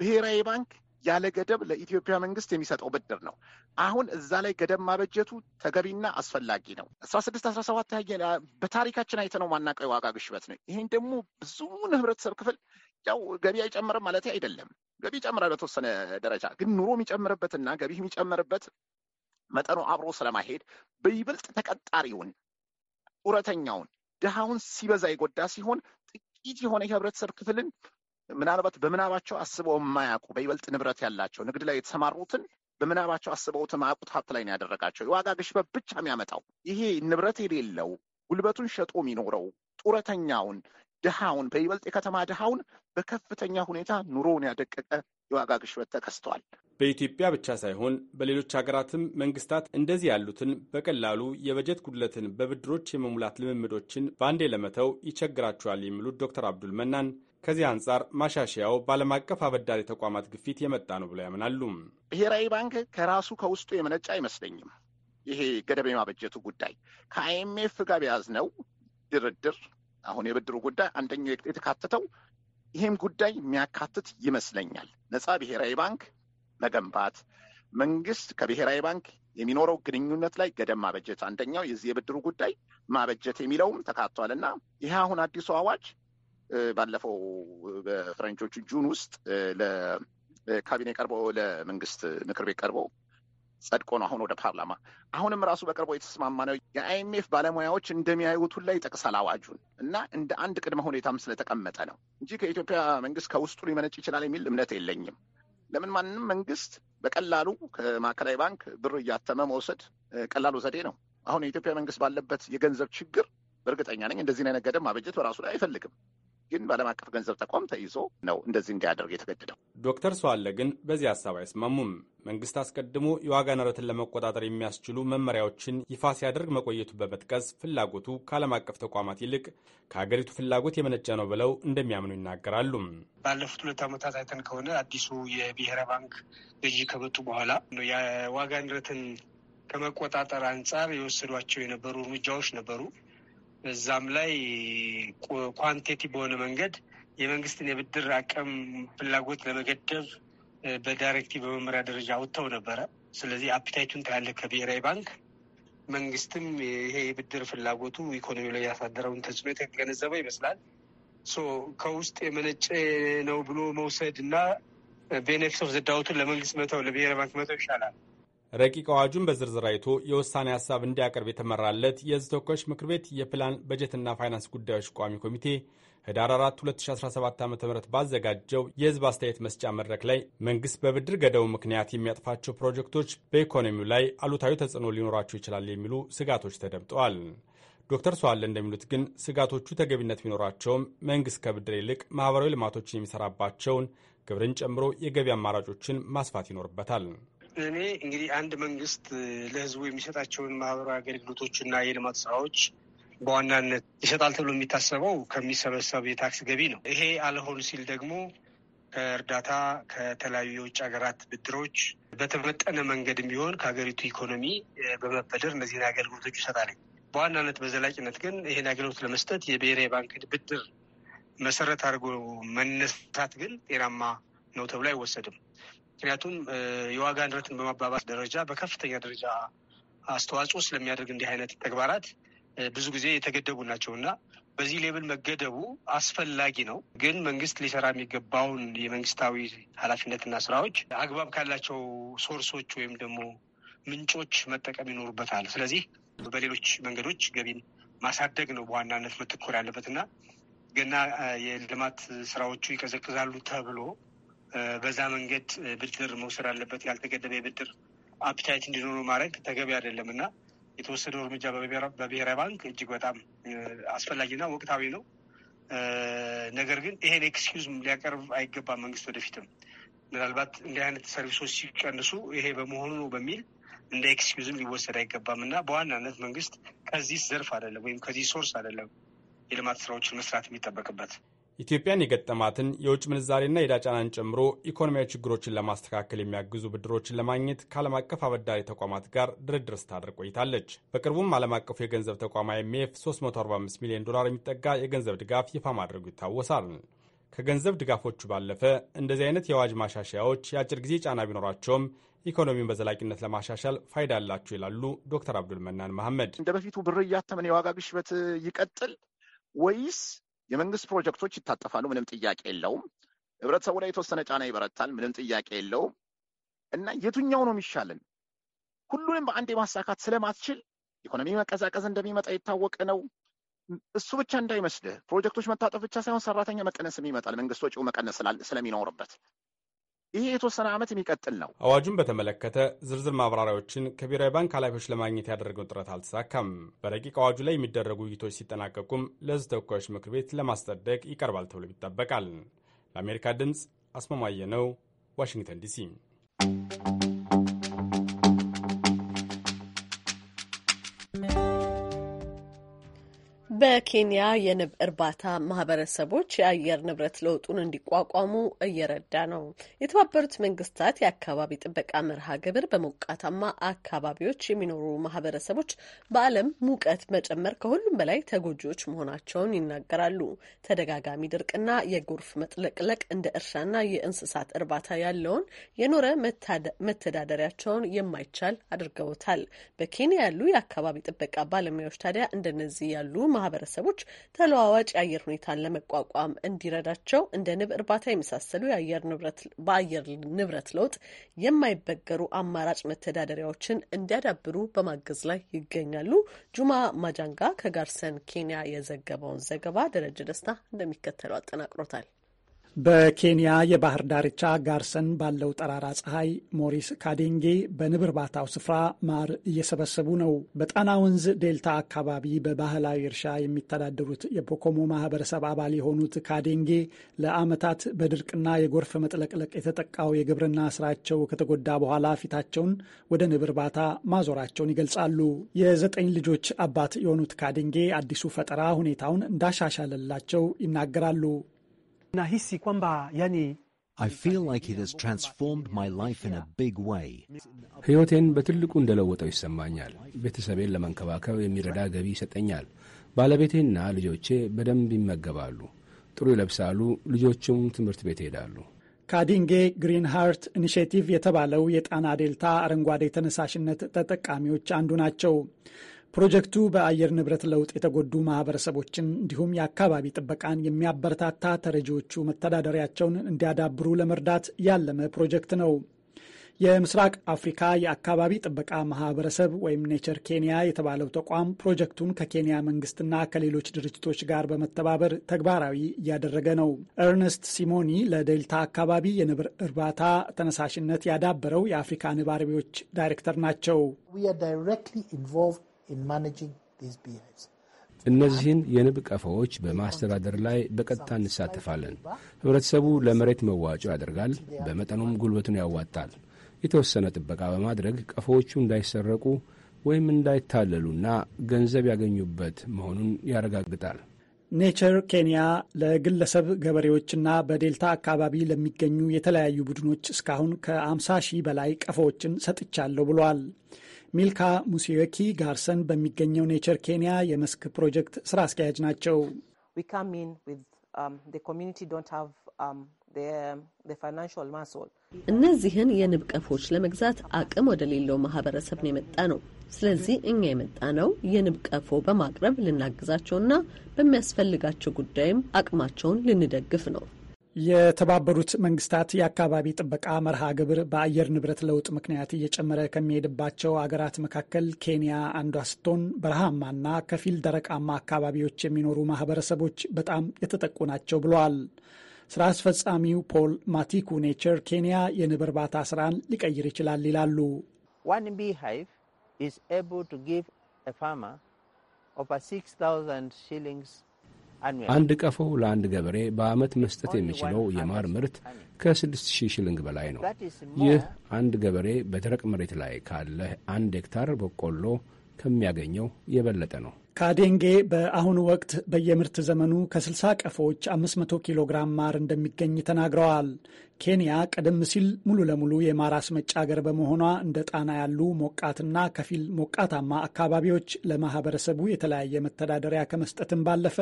ብሔራዊ ባንክ ያለ ገደብ ለኢትዮጵያ መንግስት የሚሰጠው ብድር ነው። አሁን እዛ ላይ ገደብ ማበጀቱ ተገቢና አስፈላጊ ነው። አስራ ስድስት አስራ ሰባት በታሪካችን አይተነው ማናውቀው የዋጋ ግሽበት ነው። ይህን ደግሞ ብዙውን ህብረተሰብ ክፍል ያው ገቢ አይጨምርም ማለት አይደለም ገቢ ይጨምራል በተወሰነ ደረጃ። ግን ኑሮ የሚጨምርበትና ገቢ የሚጨምርበት መጠኑ አብሮ ስለማሄድ በይበልጥ ተቀጣሪውን፣ ጡረተኛውን፣ ድሃውን ሲበዛ የጎዳ ሲሆን ጥቂት የሆነ የህብረተሰብ ክፍልን ምናልባት በምናባቸው አስበው የማያውቁ በይበልጥ ንብረት ያላቸው ንግድ ላይ የተሰማሩትን በምናባቸው አስበውት ማያውቁት ሀብት ላይ ነው ያደረጋቸው። የዋጋ ግሽበት ብቻ የሚያመጣው ይሄ ንብረት የሌለው ጉልበቱን ሸጦ የሚኖረው ጡረተኛውን ድሃውን በይበልጥ የከተማ ድሃውን በከፍተኛ ሁኔታ ኑሮውን ያደቀቀ የዋጋ ግሽበት ተከስተዋል። በኢትዮጵያ ብቻ ሳይሆን በሌሎች ሀገራትም መንግስታት እንደዚህ ያሉትን በቀላሉ የበጀት ጉድለትን በብድሮች የመሙላት ልምምዶችን በአንዴ ለመተው ይቸግራቸዋል የሚሉት ዶክተር አብዱል መናን ከዚህ አንጻር ማሻሻያው በዓለም አቀፍ አበዳሪ ተቋማት ግፊት የመጣ ነው ብለው ያምናሉ። ብሔራዊ ባንክ ከራሱ ከውስጡ የመነጨ አይመስለኝም። ይሄ ገደብ የማበጀቱ ጉዳይ ከአይኤምኤፍ ጋር ቢያዝ ነው ድርድር አሁን የብድሩ ጉዳይ አንደኛው የተካተተው ይህም ጉዳይ የሚያካትት ይመስለኛል። ነፃ ብሔራዊ ባንክ መገንባት መንግስት ከብሔራዊ ባንክ የሚኖረው ግንኙነት ላይ ገደብ ማበጀት አንደኛው የዚህ የብድሩ ጉዳይ ማበጀት የሚለውም ተካቷል እና ይህ አሁን አዲሱ አዋጅ ባለፈው በፈረንጆቹ ጁን ውስጥ ለካቢኔ ቀርቦ ለመንግስት ምክር ቤት ቀርበው ጸድቆ ነው አሁን ወደ ፓርላማ አሁንም ራሱ በቅርቡ የተስማማ ነው። የአይኤምኤፍ ባለሙያዎች እንደሚያዩት ሁላ ይጠቅሳል አዋጁን እና እንደ አንድ ቅድመ ሁኔታም ስለተቀመጠ ነው እንጂ ከኢትዮጵያ መንግስት ከውስጡ ሊመነጭ ይችላል የሚል እምነት የለኝም። ለምን ማንም መንግስት በቀላሉ ከማዕከላዊ ባንክ ብር እያተመ መውሰድ ቀላሉ ዘዴ ነው። አሁን የኢትዮጵያ መንግስት ባለበት የገንዘብ ችግር በእርግጠኛ ነኝ እንደዚህ አይነት ማበጀት በራሱ ላይ አይፈልግም። ግን በዓለም አቀፍ ገንዘብ ተቋም ተይዞ ነው እንደዚህ እንዲያደርግ የተገደደው። ዶክተር ሰዋለ ግን በዚህ ሀሳብ አይስማሙም። መንግስት አስቀድሞ የዋጋ ንረትን ለመቆጣጠር የሚያስችሉ መመሪያዎችን ይፋ ሲያደርግ መቆየቱ በመጥቀስ ፍላጎቱ ከዓለም አቀፍ ተቋማት ይልቅ ከሀገሪቱ ፍላጎት የመነጨ ነው ብለው እንደሚያምኑ ይናገራሉ። ባለፉት ሁለት ዓመታት አይተን ከሆነ አዲሱ የብሔራዊ ባንክ ገዢ ከመጡ በኋላ የዋጋ ንረትን ከመቆጣጠር አንጻር የወሰዷቸው የነበሩ እርምጃዎች ነበሩ። በዛም ላይ ኳንቲቲ በሆነ መንገድ የመንግስትን የብድር አቅም ፍላጎት ለመገደብ በዳይሬክቲቭ በመመሪያ ደረጃ አውጥተው ነበረ። ስለዚህ አፒታይቱን ታያለ ከብሔራዊ ባንክ መንግስትም ይሄ የብድር ፍላጎቱ ኢኮኖሚ ላይ ያሳደረውን ተጽዕኖ የተገነዘበ ይመስላል። ከውስጥ የመነጨ ነው ብሎ መውሰድ እና ቤኔፊት ኦፍ ዘዳውቱን ለመንግስት መተው ለብሔራዊ ባንክ መተው ይሻላል። ረቂቅ አዋጁን በዝርዝር አይቶ የውሳኔ ሀሳብ እንዲያቀርብ የተመራለት የሕዝብ ተወካዮች ምክር ቤት የፕላን በጀትና ፋይናንስ ጉዳዮች ቋሚ ኮሚቴ ህዳር 4 2017 ዓ ም ባዘጋጀው የህዝብ አስተያየት መስጫ መድረክ ላይ መንግሥት በብድር ገደቡ ምክንያት የሚያጥፋቸው ፕሮጀክቶች በኢኮኖሚው ላይ አሉታዊ ተጽዕኖ ሊኖራቸው ይችላል የሚሉ ስጋቶች ተደምጠዋል። ዶክተር ሰዋለ እንደሚሉት ግን ስጋቶቹ ተገቢነት ቢኖራቸውም መንግሥት ከብድር ይልቅ ማኅበራዊ ልማቶችን የሚሠራባቸውን ግብርን ጨምሮ የገቢ አማራጮችን ማስፋት ይኖርበታል። እኔ እንግዲህ አንድ መንግስት ለህዝቡ የሚሰጣቸውን ማህበራዊ አገልግሎቶችና የልማት ስራዎች በዋናነት ይሰጣል ተብሎ የሚታሰበው ከሚሰበሰብ የታክስ ገቢ ነው። ይሄ አልሆን ሲል ደግሞ ከእርዳታ ከተለያዩ የውጭ ሀገራት ብድሮች በተመጠነ መንገድ ቢሆን ከሀገሪቱ ኢኮኖሚ በመበደር እነዚህን አገልግሎቶች ይሰጣል። በዋናነት በዘላቂነት ግን ይህን አገልግሎት ለመስጠት የብሔራዊ ባንክን ብድር መሰረት አድርጎ መነሳት ግን ጤናማ ነው ተብሎ አይወሰድም። ምክንያቱም የዋጋ ንረትን በማባባስ ደረጃ በከፍተኛ ደረጃ አስተዋጽኦ ስለሚያደርግ እንዲህ አይነት ተግባራት ብዙ ጊዜ የተገደቡ ናቸው እና በዚህ ሌብል መገደቡ አስፈላጊ ነው። ግን መንግስት ሊሰራ የሚገባውን የመንግስታዊ ኃላፊነትና ስራዎች አግባብ ካላቸው ሶርሶች ወይም ደግሞ ምንጮች መጠቀም ይኖሩበታል። ስለዚህ በሌሎች መንገዶች ገቢን ማሳደግ ነው በዋናነት መተኮር ያለበት እና ገና የልማት ስራዎቹ ይቀዘቅዛሉ ተብሎ በዛ መንገድ ብድር መውሰድ አለበት። ያልተገደበ የብድር አፕታይት እንዲኖሩ ማድረግ ተገቢ አይደለም እና የተወሰደው እርምጃ በብሔራዊ ባንክ እጅግ በጣም አስፈላጊና ወቅታዊ ነው። ነገር ግን ይሄን ኤክስኪውዝ ሊያቀርብ አይገባም። መንግስት ወደፊትም ምናልባት እንዲህ አይነት ሰርቪሶች ሲቀንሱ ይሄ በመሆኑ ነው በሚል እንደ ኤክስኪውዝም ሊወሰድ አይገባም እና በዋናነት መንግስት ከዚህ ዘርፍ አይደለም ወይም ከዚህ ሶርስ አይደለም የልማት ስራዎችን መስራት የሚጠበቅበት። ኢትዮጵያን የገጠማትን የውጭ ምንዛሬና የዕዳ ጫናን ጨምሮ ኢኮኖሚያዊ ችግሮችን ለማስተካከል የሚያግዙ ብድሮችን ለማግኘት ከዓለም አቀፍ አበዳሪ ተቋማት ጋር ድርድር ስታደርግ ቆይታለች። በቅርቡም ዓለም አቀፉ የገንዘብ ተቋም አይኤምኤፍ 345 ሚሊዮን ዶላር የሚጠጋ የገንዘብ ድጋፍ ይፋ ማድረጉ ይታወሳል። ከገንዘብ ድጋፎቹ ባለፈ እንደዚህ አይነት የአዋጅ ማሻሻያዎች የአጭር ጊዜ ጫና ቢኖራቸውም ኢኮኖሚውን በዘላቂነት ለማሻሻል ፋይዳ አላቸው ይላሉ ዶክተር አብዱል መናን መሐመድ። እንደ በፊቱ ብር እያተመን የዋጋ ግሽበት ይቀጥል ወይስ የመንግስት ፕሮጀክቶች ይታጠፋሉ፣ ምንም ጥያቄ የለውም። ህብረተሰቡ ላይ የተወሰነ ጫና ይበረታል፣ ምንም ጥያቄ የለውም። እና የቱኛው ነው የሚሻልን? ሁሉንም በአንድ የማሳካት ስለማትችል ኢኮኖሚ መቀዛቀዝ እንደሚመጣ የታወቀ ነው። እሱ ብቻ እንዳይመስልህ ፕሮጀክቶች መታጠፍ ብቻ ሳይሆን ሰራተኛ መቀነስም ይመጣል። መንግስት ወጪው መቀነስ ስለሚኖርበት ይህ የተወሰነ ዓመት የሚቀጥል ነው። አዋጁን በተመለከተ ዝርዝር ማብራሪያዎችን ከብሔራዊ ባንክ ኃላፊዎች ለማግኘት ያደረገው ጥረት አልተሳካም። በረቂቅ አዋጁ ላይ የሚደረጉ ውይይቶች ሲጠናቀቁም ለሕዝብ ተወካዮች ምክር ቤት ለማስጸደቅ ይቀርባል ተብሎ ይጠበቃል። ለአሜሪካ ድምፅ አስማማየ ነው፣ ዋሽንግተን ዲሲ በኬንያ የንብ እርባታ ማህበረሰቦች የአየር ንብረት ለውጡን እንዲቋቋሙ እየረዳ ነው። የተባበሩት መንግስታት የአካባቢ ጥበቃ መርሃ ግብር በሞቃታማ አካባቢዎች የሚኖሩ ማህበረሰቦች በዓለም ሙቀት መጨመር ከሁሉም በላይ ተጎጂዎች መሆናቸውን ይናገራሉ። ተደጋጋሚ ድርቅና የጎርፍ መጥለቅለቅ እንደ እርሻና የእንስሳት እርባታ ያለውን የኖረ መተዳደሪያቸውን የማይቻል አድርገውታል። በኬንያ ያሉ የአካባቢ ጥበቃ ባለሙያዎች ታዲያ እንደነዚህ ያሉ ማህበረሰቦች ተለዋዋጭ የአየር ሁኔታን ለመቋቋም እንዲረዳቸው እንደ ንብ እርባታ የመሳሰሉ በአየር ንብረት ለውጥ የማይበገሩ አማራጭ መተዳደሪያዎችን እንዲያዳብሩ በማገዝ ላይ ይገኛሉ። ጁማ ማጃንጋ ከጋርሰን ኬንያ የዘገበውን ዘገባ ደረጀ ደስታ እንደሚከተለው አጠናቅሮታል። በኬንያ የባህር ዳርቻ ጋርሰን ባለው ጠራራ ፀሐይ ሞሪስ ካዴንጌ በንብ እርባታው ስፍራ ማር እየሰበሰቡ ነው። በጣና ወንዝ ዴልታ አካባቢ በባህላዊ እርሻ የሚተዳደሩት የፖኮሞ ማህበረሰብ አባል የሆኑት ካዴንጌ ለዓመታት በድርቅና የጎርፍ መጥለቅለቅ የተጠቃው የግብርና ስራቸው ከተጎዳ በኋላ ፊታቸውን ወደ ንብ እርባታ ማዞራቸውን ይገልጻሉ። የዘጠኝ ልጆች አባት የሆኑት ካዴንጌ አዲሱ ፈጠራ ሁኔታውን እንዳሻሻለላቸው ይናገራሉ። nahisi kwamba yani I feel like it has transformed my life in a big way. ሕይወቴን በትልቁ እንደለወጠው ይሰማኛል። ቤተሰቤን ለመንከባከብ የሚረዳ ገቢ ይሰጠኛል። ባለቤቴና ልጆቼ በደንብ ይመገባሉ፣ ጥሩ ይለብሳሉ፣ ልጆቹም ትምህርት ቤት ይሄዳሉ። ካዲንጌ ግሪን ሃርት ኢኒሼቲቭ የተባለው የጣና ዴልታ አረንጓዴ ተነሳሽነት ተጠቃሚዎች አንዱ ናቸው። ፕሮጀክቱ በአየር ንብረት ለውጥ የተጎዱ ማህበረሰቦችን እንዲሁም የአካባቢ ጥበቃን የሚያበረታታ ተረጂዎቹ መተዳደሪያቸውን እንዲያዳብሩ ለመርዳት ያለመ ፕሮጀክት ነው። የምስራቅ አፍሪካ የአካባቢ ጥበቃ ማህበረሰብ ወይም ኔቸር ኬንያ የተባለው ተቋም ፕሮጀክቱን ከኬንያ መንግስትና ከሌሎች ድርጅቶች ጋር በመተባበር ተግባራዊ እያደረገ ነው። ኤርነስት ሲሞኒ ለዴልታ አካባቢ የንብ እርባታ ተነሳሽነት ያዳበረው የአፍሪካ ንብ አርቢዎች ዳይሬክተር ናቸው። እነዚህን የንብ ቀፎዎች በማስተዳደር ላይ በቀጥታ እንሳተፋለን። ህብረተሰቡ ለመሬት መዋጮ ያደርጋል፣ በመጠኑም ጉልበቱን ያዋጣል። የተወሰነ ጥበቃ በማድረግ ቀፎዎቹ እንዳይሰረቁ ወይም እንዳይታለሉና ገንዘብ ያገኙበት መሆኑን ያረጋግጣል። ኔቸር ኬንያ ለግለሰብ ገበሬዎችና በዴልታ አካባቢ ለሚገኙ የተለያዩ ቡድኖች እስካሁን ከ50 ሺህ በላይ ቀፎዎችን ሰጥቻለሁ ብሏል። ሚልካ ሙሲዮኪ ጋርሰን በሚገኘው ኔቸር ኬንያ የመስክ ፕሮጀክት ስራ አስኪያጅ ናቸው። um, um, እነዚህን የንብ ቀፎች ለመግዛት አቅም ወደሌለው ማህበረሰብ ነው የመጣ ነው። ስለዚህ እኛ የመጣ ነው የንብ ቀፎ በማቅረብ ልናግዛቸውና በሚያስፈልጋቸው ጉዳይም አቅማቸውን ልንደግፍ ነው። የተባበሩት መንግስታት የአካባቢ ጥበቃ መርሃ ግብር በአየር ንብረት ለውጥ ምክንያት እየጨመረ ከሚሄድባቸው አገራት መካከል ኬንያ አንዷ ስትሆን በረሃማና ከፊል ደረቃማ አካባቢዎች የሚኖሩ ማህበረሰቦች በጣም የተጠቁ ናቸው ብለዋል። ስራ አስፈጻሚው ፖል ማቲኩ ኔቸር ኬንያ የንብ እርባታ ስራን ሊቀይር ይችላል ይላሉ። ዋን ቢ ሃይቭ ኢዝ ኤብል ቱ ጊቭ ኤ ፋርመር ኦቨር ታውዘንድ ሺሊንግስ አንድ ቀፎ ለአንድ ገበሬ በዓመት መስጠት የሚችለው የማር ምርት ከ6000 ሽልንግ በላይ ነው። ይህ አንድ ገበሬ በደረቅ መሬት ላይ ካለ አንድ ሄክታር በቆሎ ከሚያገኘው የበለጠ ነው። ካዴንጌ በአሁኑ ወቅት በየምርት ዘመኑ ከ60 ቀፎዎች 500 ኪሎ ግራም ማር እንደሚገኝ ተናግረዋል። ኬንያ ቀደም ሲል ሙሉ ለሙሉ የማር መጫ አገር በመሆኗ እንደ ጣና ያሉ ሞቃትና ከፊል ሞቃታማ አካባቢዎች ለማህበረሰቡ የተለያየ መተዳደሪያ ከመስጠትም ባለፈ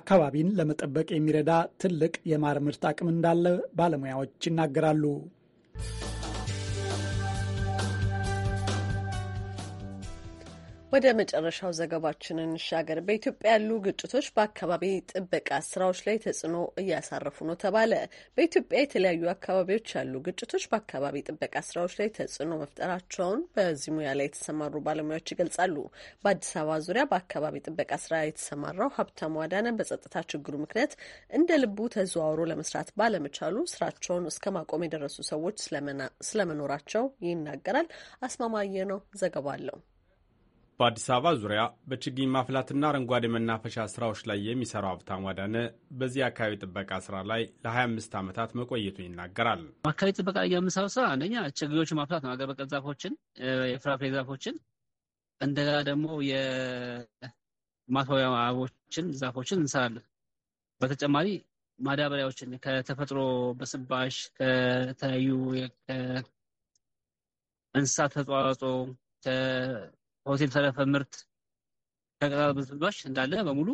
አካባቢን ለመጠበቅ የሚረዳ ትልቅ የማር ምርት አቅም እንዳለ ባለሙያዎች ይናገራሉ። ወደ መጨረሻው ዘገባችን እንሻገር። በኢትዮጵያ ያሉ ግጭቶች በአካባቢ ጥበቃ ስራዎች ላይ ተጽዕኖ እያሳረፉ ነው ተባለ። በኢትዮጵያ የተለያዩ አካባቢዎች ያሉ ግጭቶች በአካባቢ ጥበቃ ስራዎች ላይ ተጽዕኖ መፍጠራቸውን በዚህ ሙያ ላይ የተሰማሩ ባለሙያዎች ይገልጻሉ። በአዲስ አበባ ዙሪያ በአካባቢ ጥበቃ ስራ የተሰማራው ሀብታሙ አዳነ በጸጥታ ችግሩ ምክንያት እንደ ልቡ ተዘዋውሮ ለመስራት ባለመቻሉ ስራቸውን እስከ ማቆም የደረሱ ሰዎች ስለመኖራቸው ይናገራል። አስማማየ ነው ዘገባ አለው። በአዲስ አበባ ዙሪያ በችግኝ ማፍላትና አረንጓዴ መናፈሻ ስራዎች ላይ የሚሰራው ሀብታም ዋዳነ በዚህ አካባቢ ጥበቃ ስራ ላይ ለ25 ዓመታት መቆየቱን ይናገራል። አካባቢ ጥበቃ ላይ የምሰራው ስራ አንደኛ ችግኞች ማፍላት ነው። አገር በቀል ዛፎችን፣ የፍራፍሬ ዛፎችን እንደገና ደግሞ የማስዋቢያ አበቦችን፣ ዛፎችን እንሰራለን። በተጨማሪ ማዳበሪያዎችን ከተፈጥሮ በስባሽ ከተለያዩ እንስሳት ተዋጽኦ ከወሲብ ተረፈ ምርት ከቅጠል ብስሎች እንዳለ በሙሉ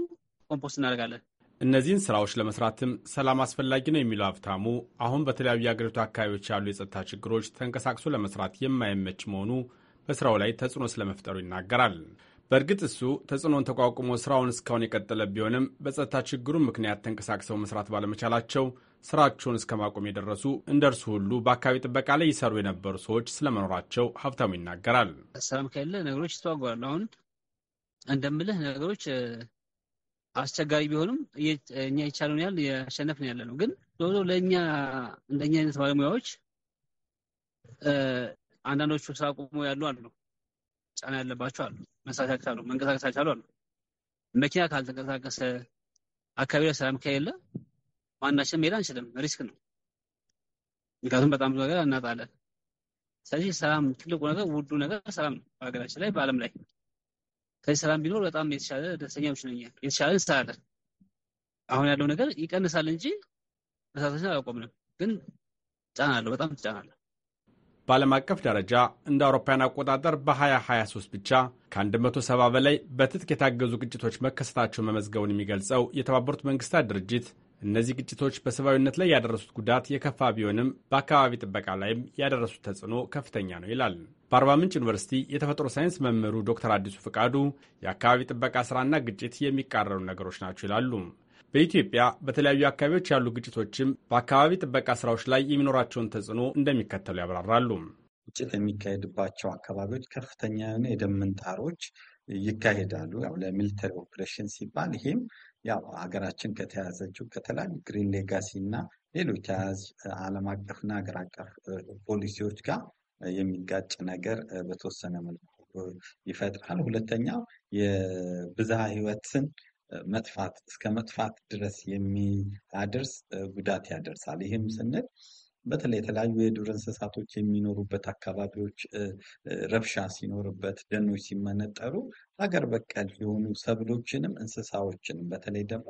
ኮምፖስት እናደርጋለን። እነዚህን ስራዎች ለመስራትም ሰላም አስፈላጊ ነው የሚለው ሀብታሙ፣ አሁን በተለያዩ የአገሪቱ አካባቢዎች ያሉ የጸጥታ ችግሮች ተንቀሳቅሶ ለመስራት የማይመች መሆኑ በስራው ላይ ተጽዕኖ ስለመፍጠሩ ይናገራል። በእርግጥ እሱ ተጽዕኖን ተቋቁሞ ስራውን እስካሁን የቀጠለ ቢሆንም በጸጥታ ችግሩ ምክንያት ተንቀሳቅሰው መስራት ባለመቻላቸው ስራቸውን እስከ ማቆም የደረሱ እንደ እርሱ ሁሉ በአካባቢ ጥበቃ ላይ ይሰሩ የነበሩ ሰዎች ስለመኖራቸው ሀብታሙ ይናገራል። ሰላም ከሌለ ነገሮች ይስተዋጓሉ። አሁን እንደምልህ ነገሮች አስቸጋሪ ቢሆንም እኛ የቻለውን ያህል ያሸነፍ ነው ያለ ነው። ግን ዞሮ ለእኛ እንደኛ አይነት ባለሙያዎች አንዳንዶቹ ስራ ቆሞ ያሉ አሉ፣ ጫና ያለባቸው አሉ፣ መንሳት አሉ፣ መንቀሳቀስ አልቻሉ አሉ። መኪና ካልተንቀሳቀሰ አካባቢ ላይ ሰላም ከሌለ በአንዳችን መሄድ አንችልም፣ ሪስክ ነው። ምክንያቱም በጣም ብዙ ነገር እናጣለን። ስለዚህ ሰላም ትልቁ ነገር ውዱ ነገር ሰላም ነው፣ በሀገራችን ላይ በዓለም ላይ ከዚህ ሰላም ቢኖር በጣም የተሻለ ደስተኛዎች ነኝ፣ የተሻለ እንሰራለን። አሁን ያለው ነገር ይቀንሳል እንጂ መሳታችን አላቆምንም፣ ግን ጫና አለው፣ በጣም ጫና አለው። በዓለም አቀፍ ደረጃ እንደ አውሮፓውያን አቆጣጠር በ2023 ብቻ ከ170 በላይ በትጥቅ የታገዙ ግጭቶች መከሰታቸውን መመዝገቡን የሚገልጸው የተባበሩት መንግስታት ድርጅት እነዚህ ግጭቶች በሰብአዊነት ላይ ያደረሱት ጉዳት የከፋ ቢሆንም በአካባቢ ጥበቃ ላይም ያደረሱት ተጽዕኖ ከፍተኛ ነው ይላል። በአርባ ምንጭ ዩኒቨርሲቲ የተፈጥሮ ሳይንስ መምህሩ ዶክተር አዲሱ ፍቃዱ የአካባቢ ጥበቃ ስራና ግጭት የሚቃረኑ ነገሮች ናቸው ይላሉ። በኢትዮጵያ በተለያዩ አካባቢዎች ያሉ ግጭቶችም በአካባቢ ጥበቃ ስራዎች ላይ የሚኖራቸውን ተጽዕኖ እንደሚከተሉ ያብራራሉ። ግጭት የሚካሄድባቸው አካባቢዎች ከፍተኛ የሆነ የደን ጣሮች ይካሄዳሉ። ያው ለሚሊተሪ ኦፕሬሽን ሲባል ይሄም ያው ሀገራችን ከተያዘችው ከተለያዩ ግሪን ሌጋሲ እና ሌሎች ያዝ ዓለም አቀፍና ሀገር አቀፍ ፖሊሲዎች ጋር የሚጋጭ ነገር በተወሰነ መልኩ ይፈጥራል። ሁለተኛው የብዝሃ ህይወትን መጥፋት እስከ መጥፋት ድረስ የሚያደርስ ጉዳት ያደርሳል። ይህም ስንል በተለይ የተለያዩ የዱር እንስሳቶች የሚኖሩበት አካባቢዎች ረብሻ ሲኖርበት፣ ደኖች ሲመነጠሩ ሀገር በቀል የሆኑ ሰብሎችንም እንስሳዎችንም በተለይ ደግሞ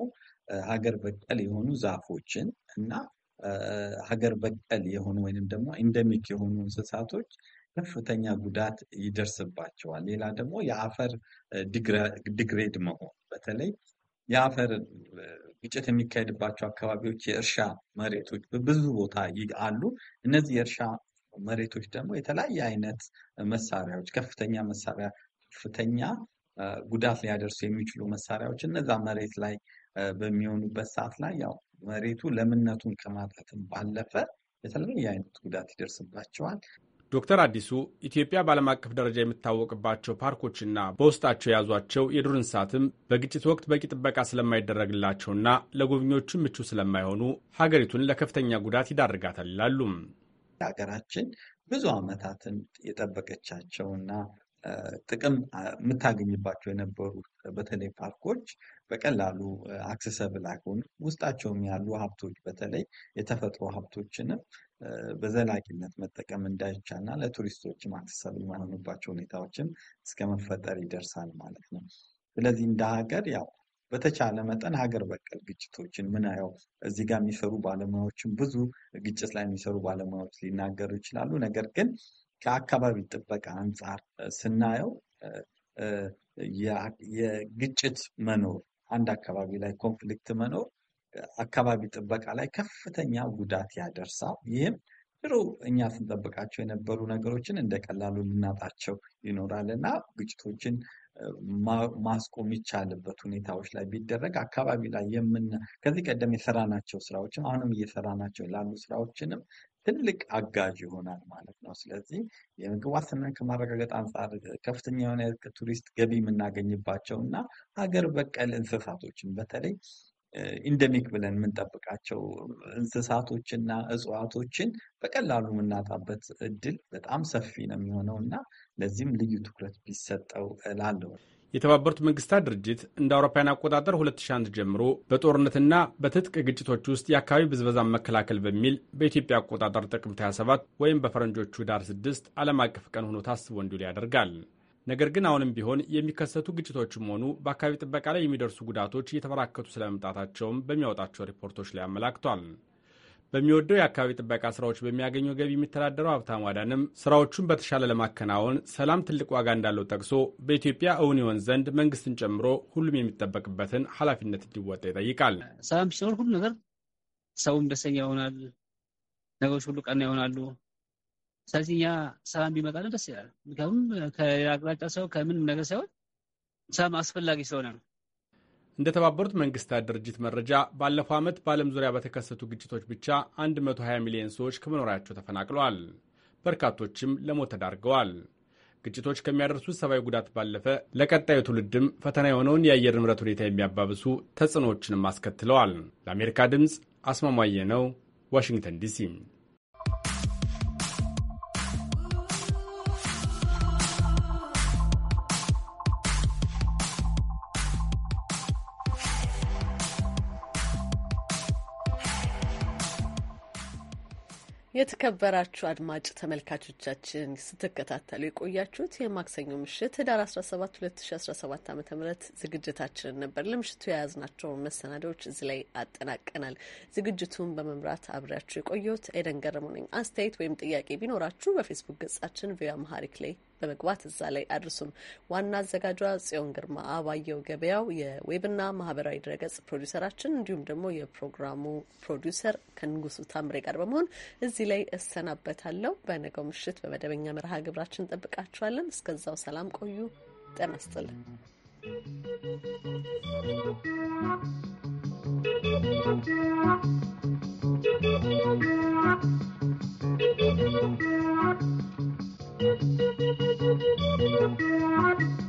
ሀገር በቀል የሆኑ ዛፎችን እና ሀገር በቀል የሆኑ ወይንም ደግሞ ኢንደሚክ የሆኑ እንስሳቶች ከፍተኛ ጉዳት ይደርስባቸዋል። ሌላ ደግሞ የአፈር ዲግሬድ መሆን በተለይ የአፈር ግጭት የሚካሄድባቸው አካባቢዎች የእርሻ መሬቶች በብዙ ቦታ አሉ። እነዚህ የእርሻ መሬቶች ደግሞ የተለያየ አይነት መሳሪያዎች፣ ከፍተኛ መሳሪያ፣ ከፍተኛ ጉዳት ሊያደርሱ የሚችሉ መሳሪያዎች እነዛ መሬት ላይ በሚሆኑበት ሰዓት ላይ ያው መሬቱ ለምነቱን ከማጣትም ባለፈ የተለያየ አይነት ጉዳት ይደርስባቸዋል። ዶክተር አዲሱ ኢትዮጵያ በዓለም አቀፍ ደረጃ የምታወቅባቸው ፓርኮችና በውስጣቸው የያዟቸው የዱር እንስሳትም በግጭት ወቅት በቂ ጥበቃ ስለማይደረግላቸውና ለጎብኚዎቹም ምቹ ስለማይሆኑ ሀገሪቱን ለከፍተኛ ጉዳት ይዳርጋታል ይላሉ። ሀገራችን ብዙ ዓመታትን የጠበቀቻቸውና ጥቅም የምታገኝባቸው የነበሩ በተለይ ፓርኮች በቀላሉ አክሰሰብል አይሆኑም። ውስጣቸውም ያሉ ሀብቶች በተለይ የተፈጥሮ ሀብቶችንም በዘላቂነት መጠቀም እንዳይቻልና ለቱሪስቶች ማክሰብ የማይሆኑባቸው ሁኔታዎችን እስከ መፈጠር ይደርሳል ማለት ነው። ስለዚህ እንደ ሀገር ያው በተቻለ መጠን ሀገር በቀል ግጭቶችን ያው እዚህ ጋር የሚሰሩ ባለሙያዎችን ብዙ ግጭት ላይ የሚሰሩ ባለሙያዎች ሊናገሩ ይችላሉ። ነገር ግን ከአካባቢ ጥበቃ አንጻር ስናየው የግጭት መኖር አንድ አካባቢ ላይ ኮንፍሊክት መኖር አካባቢ ጥበቃ ላይ ከፍተኛ ጉዳት ያደርሳል። ይህም ድሮ እኛ ስንጠብቃቸው የነበሩ ነገሮችን እንደ ቀላሉ ልናጣቸው ይኖራል እና ግጭቶችን ማስቆም ይቻልበት ሁኔታዎች ላይ ቢደረግ አካባቢ ላይ የምን ከዚህ ቀደም የሰራናቸው ስራዎችም አሁንም እየሰራናቸው ላሉ ስራዎችንም ትልቅ አጋዥ ይሆናል ማለት ነው። ስለዚህ የምግብ ዋስትናን ከማረጋገጥ አንጻር ከፍተኛ የሆነ ቱሪስት ገቢ የምናገኝባቸው እና ሀገር በቀል እንስሳቶችን በተለይ ኢንደሚክ ብለን የምንጠብቃቸው እንስሳቶችና እጽዋቶችን በቀላሉ የምናጣበት እድል በጣም ሰፊ ነው የሚሆነው እና ለዚህም ልዩ ትኩረት ቢሰጠው እላለሁ። የተባበሩት መንግስታት ድርጅት እንደ አውሮፓውያን አቆጣጠር 2001 ጀምሮ በጦርነትና በትጥቅ ግጭቶች ውስጥ የአካባቢ ብዝበዛን መከላከል በሚል በኢትዮጵያ አቆጣጠር ጥቅምት 27 ወይም በፈረንጆቹ ዳር 6 ዓለም አቀፍ ቀን ሆኖ ታስቦ እንዲውል ያደርጋል። ነገር ግን አሁንም ቢሆን የሚከሰቱ ግጭቶችም ሆኑ በአካባቢ ጥበቃ ላይ የሚደርሱ ጉዳቶች እየተበራከቱ ስለመምጣታቸውም በሚያወጣቸው ሪፖርቶች ላይ አመላክቷል። በሚወደው የአካባቢ ጥበቃ ስራዎች በሚያገኘው ገቢ የሚተዳደረው ሀብታም ዋዳንም ስራዎቹን በተሻለ ለማከናወን ሰላም ትልቅ ዋጋ እንዳለው ጠቅሶ በኢትዮጵያ እውን ይሆን ዘንድ መንግስትን ጨምሮ ሁሉም የሚጠበቅበትን ኃላፊነት እንዲወጣ ይጠይቃል። ሰላም ሲኖር ሁሉ ነገር ሰውም ደሰኛ ይሆናል። ነገሮች ሁሉ ቀና ይሆናሉ። ስለዚህ እኛ ሰላም ቢመጣልን ደስ ይላል። ምክንያቱም ከአቅጣጫ ሰው ከምንም ነገር ሳይሆን ሰላም አስፈላጊ ስለሆነ ነው። እንደተባበሩት መንግስታት ድርጅት መረጃ ባለፈው ዓመት በዓለም ዙሪያ በተከሰቱ ግጭቶች ብቻ 120 ሚሊዮን ሰዎች ከመኖሪያቸው ተፈናቅለዋል። በርካቶችም ለሞት ተዳርገዋል። ግጭቶች ከሚያደርሱት ሰብአዊ ጉዳት ባለፈ ለቀጣዩ ትውልድም ፈተና የሆነውን የአየር ንብረት ሁኔታ የሚያባብሱ ተጽዕኖዎችንም አስከትለዋል። ለአሜሪካ ድምፅ አስማማየ ነው፣ ዋሽንግተን ዲሲ የተከበራችሁ አድማጭ ተመልካቾቻችን ስትከታተሉ የቆያችሁት የማክሰኞ ምሽት ህዳር 17 2017 ዓ ም ዝግጅታችንን ነበር። ለምሽቱ የያዝናቸውን መሰናዳዎች እዚህ ላይ አጠናቀናል። ዝግጅቱን በመምራት አብሬያችሁ የቆየሁት ኤደን ገረሙ ነኝ። አስተያየት ወይም ጥያቄ ቢኖራችሁ በፌስቡክ ገጻችን ቪኦኤ አማሃሪክ ላይ በመግባት እዛ ላይ አድርሱም ዋና አዘጋጇ ጽዮን ግርማ፣ አባየው ገበያው የዌብና ማህበራዊ ድረገጽ ፕሮዲሰራችን እንዲሁም ደግሞ የፕሮግራሙ ፕሮዲውሰር ከንጉሱ ታምሬ ጋር በመሆን እዚህ ላይ እሰናበታለሁ። በነገው ምሽት በመደበኛ መርሃ ግብራችን እንጠብቃችኋለን። እስከዛው ሰላም ቆዩ። ጤና Thank you. Thank you.